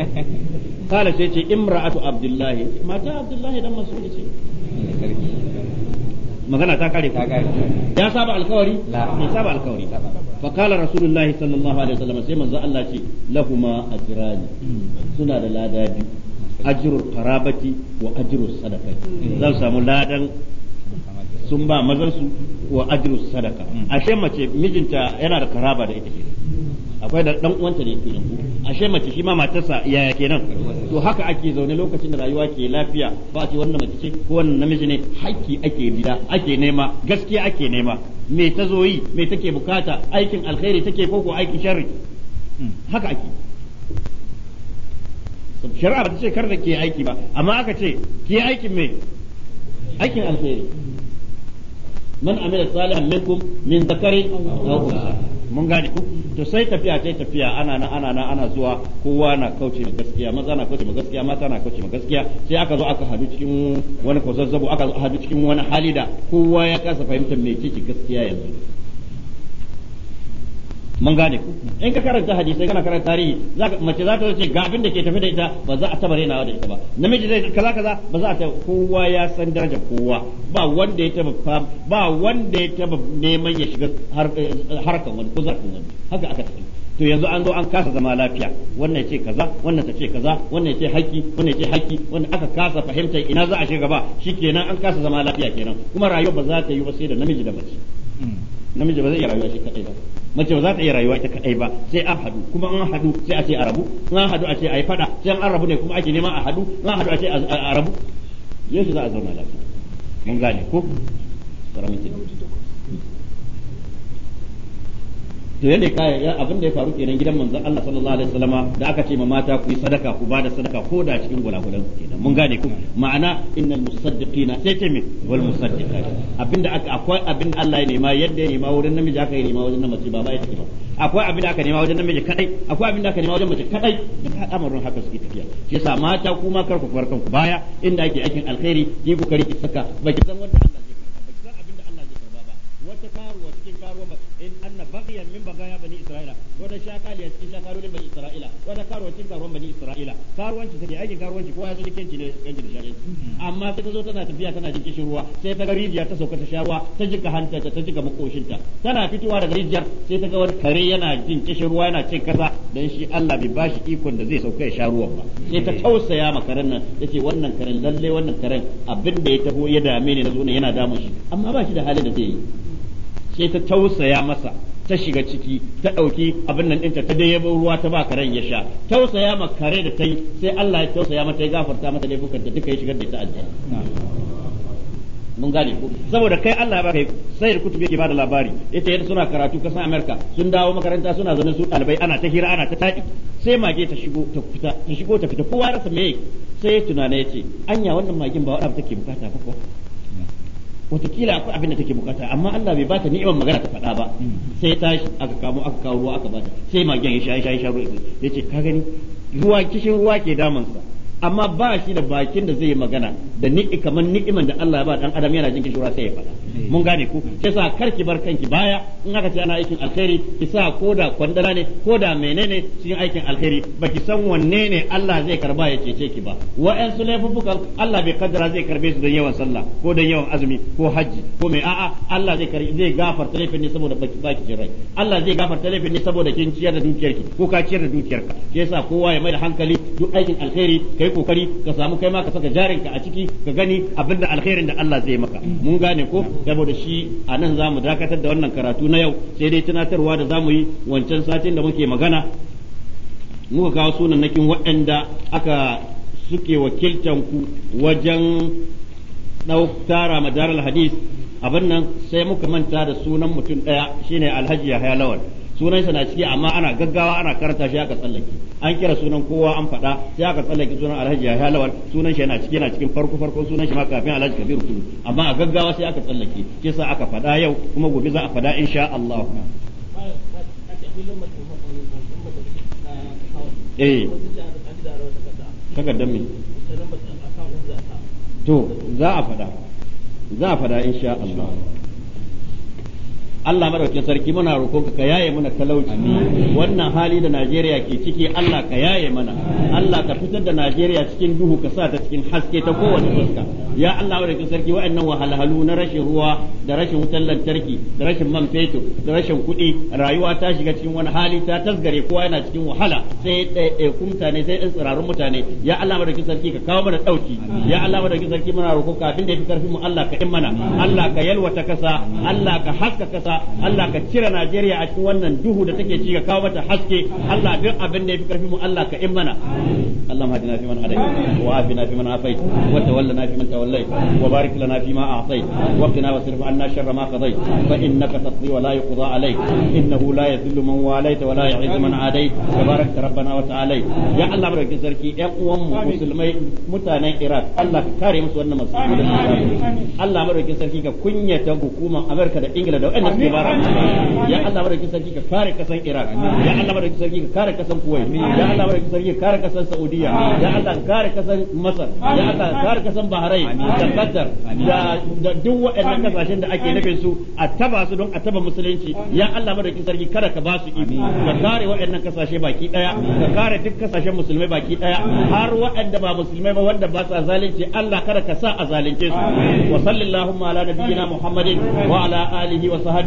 (laughs) kala sai ce imra'atu Abdullahi mata Abdullahi dan masu. ce magana ta kare Ta kare. ya saba alkawari Ya saba alkawari fa kala rasulullahi sallallahu alaihi wasallam sai manzo Allah ce lahuma ajrani suna da lada biyu ajrul qarabati wa ajrul sadaqati zan samu ladan sun ba mazan su wa ajrul sadaqa hmm. ashe mace mijinta yana da karaba da ita kenan akwai da dan uwanta ne ke ku ashe mace shi ma matarsa yaya kenan to haka ake zaune lokacin da rayuwa ke lafiya ba ce wannan mace ce ko wannan namiji ne haƙƙi ake bida ake nema gaskiya ake nema me ta zo yi me take bukata aikin alkhairi take ko ko aikin sharri hmm, haka ake shari'a ba ta ce kar da ke aiki ba amma aka ce ke aikin me aikin alkhairi man amila salihan minkum min zakarin aw unsa mun gane ku to sai tafiya sai tafiya ana nan ana nan ana zuwa kowa na kauce ma gaskiya maza na kauce ma gaskiya mata na kauce ma gaskiya sai aka zo aka hadu cikin wani kwazazzabo aka zo hadu cikin wani hali da kowa ya kasa fahimtar me kike gaskiya yanzu mun gane ku in ka karanta hadisi kana karanta tarihi zaka mace za ta ce ga abin da ke tafi da ita ba za a taba rainawa da ita ba namiji zai kaza kaza ba za a taba kowa ya san darajar kowa ba wanda ya taba ba wanda ya taba neman ya shiga eh, harkan wani ko zakin wani haka aka tafi to yanzu an zo an kasa zama lafiya wannan ce kaza wannan ta ce kaza wannan ce haƙƙi wannan ce haƙƙi wannan aka kasa fahimtar ina za a shiga gaba shikenan an kasa zama lafiya kenan kuma rayuwa ba za ta yi ba sai da namiji da mace hmm. namiji ba zai iya rayuwa shi kadai ba mace ba za ta yi rayuwa ta kadai ba sai an hadu kuma an hadu sai a ce a rabu an hadu a ce a yi fada sai an rabu ne kuma ake nema a hadu an hadu a ce a rabu yau za a zauna lafiya mun gane ko karamin to yadda kai abin da ya faru kenan gidan manzon Allah sallallahu alaihi wasallam da aka ce ma mata ku yi sadaka ku bada sadaka ko da cikin gulagulan ku kenan mun gane ku ma'ana innal musaddiqina sai ce me wal musaddiqat abinda aka akwai abin Allah ya nema yadda ya nema wurin namiji aka nema wajen namiji ba ba ya ba akwai abin da aka nema wajen namiji kadai akwai abin da aka nema wajen mace kadai duk al'amarin haka suke tafiya Ke yasa mata kuma karku ku farkan ku baya inda ake aikin alkhairi ki ku kare ki saka baki san wanda Allah wata karuwa cikin karuwa in anna baqiyan min bagaya bani isra'ila wata shakaliya cikin shakarorin bani isra'ila wata karuwa cikin karuwan bani isra'ila karuwanci take aikin karuwanci kowa ya san kenci ne kenci da shari'a amma sai ta zo tana tafiya tana jin ruwa sai ta ga rijiya ta sauka ta sha ruwa ta jika hanta ta jika makoshinta tana fitowa daga rijiyar sai ta ga wani kare yana jin ruwa yana cin kasa dan shi Allah bai bashi ikon da zai sauka ya sha ruwan ba sai ta tausaya ma karen nan yace wannan karen lalle wannan karen abin da ya taho ya dame ne na zo ne yana damun shi amma ba shi da halin da zai yi sai ta tausaya masa ta shiga ciki ta ɗauki abin nan ɗinta ta dai yabo ruwa ta ba karen ya sha tausaya ma kare da ta yi sai Allah ya tausaya mata ya gafarta mata dai bukanta duka ya shigar da ita aljanna mun gane ko saboda kai Allah ya baka sai da kutubi yake bada labari ita yadda suna karatu kasan America sun dawo makaranta suna zaune su ɗalibai ana ta hira ana ta taɗi sai mage ta shigo ta fita ta shigo ta fita kowa rasa me sai tunana yace anya wannan magin ba wadda take bukata ba ko watakila akwai abin da take bukata amma Allah bai bata ni'imar magana ta faɗa ba sai ta aka kamo aka kawo ruwa aka bata sai magen ya sha ya sha ya sha ruwa ya ce ka gani ruwa kishin ruwa ke damansa amma ba shi da bakin da zai yi magana da ni kamar ni'iman da Allah ya ba dan adam yana jin kishura sai ya faɗa mun gane ku sai sa kar ki bar kanki baya in aka ce ana aikin alkhairi ki sa ko da kwandala ne koda menene cikin aikin alkhairi ki san wanne ne Allah zai karba ya cece ki ba su laifuffukan Allah bai kaddara zai karbe su don yawan sallah ko don yawan azumi ko hajji ko mai a'a Allah zai zai gafarta laifin ne saboda baki baki jin Allah zai gafarta laifin ne saboda kin ciyar da dukiyarki ko ka ciyar da dukiyarka sai sa kowa ya mai da hankali duk aikin alkhairi kai kokari ka samu kai ma ka saka jarin ka a ciki ka gani abin da alkhairin da Allah zai maka mun gane ko saboda shi a nan za mu dakatar da wannan karatu na yau sai dai tunatarwa da zamu yi wancan satin da muke magana muka kawo sunannakin waɗanda aka suke wakiltan ku wajen tara madaral hadis abin nan sai muka manta da sunan mutum ɗaya shine alhaji yahya lawal sunansa na ciki amma ana gaggawa ana karanta shi aka tsallake an kira sunan kowa an faɗa sai aka tsallake sunan alhaji ya lawal sunan shi yana ciki yana cikin farko farko sunan shi ma kafin alhaji kabiru kudu amma a gaggawa sai aka tsallake shi sa aka faɗa yau kuma gobe za a faɗa insha Allah eh takardar me to za a faɗa za a faɗa insha Allah Allah madaukakin sarki muna roƙon ka yaye mana talauci wannan hali da Najeriya ke ciki Allah ka yaye mana Allah ka fitar da Najeriya cikin duhu ka sa ta cikin haske ta kowace fuska ya Allah madaukakin sarki wa'annan wahalhalu na rashin ruwa da rashin wutar lantarki da rashin man fetur da rashin kuɗi rayuwa ta shiga cikin wani hali ta tasgare kowa yana cikin wahala sai ɗaiɗaiku mutane sai ɗan tsirarun mutane ya Allah madaukakin sarki ka kawo mana ɗauki ya Allah madaukakin sarki muna roƙon ka abin da ya fi karfin mu Allah ka yi mana Allah ka yalwata kasa Allah ka haska kasa Allah Allah ka cire Najeriya a cikin wannan duhu da take ci ka kawo mata haske Allah duk abin da yafi karfi mu Allah ka in mana Allah hadina fi man hadai wa afina fi man afait wa tawallana fi man tawallai wa barik lana fi ma a'tait wa qina wasrif anna sharra ma qadait fa innaka taqdi wa la yuqda alayk innahu la yadhillu man walayta wa la yu'izzu man adait tabarak rabbana wa ta'ala ya Allah barkin sarki ƴan uwan mu musulmai mutanen Iraq Allah ka kare musu wannan musulmai Allah madaukin sarki ka kunyata hukumar Amerika da Ingila da waɗanda ke ba ya Allah madaukakin sarki ka kare kasan Iraq ya Allah madaukakin sarki ka kare kasan Kuwait ya Allah madaukakin sarki ka kare kasan Saudiya ya Allah ka kare kasan Masar ya Allah ka kare kasan Bahrain da Qatar da duk waɗannan kasashen da ake nufin su a taba su don a taba musulunci ya Allah madaukakin sarki kada ka ba su iko ka kare waɗannan kasashe baki daya ka kare duk kasashen musulmai baki daya har waɗanda ba musulmai ba wanda ba sa zalunci Allah kada ka sa a zalunce su wa sallallahu ala nabiyyina muhammadin wa ala alihi wa sahbihi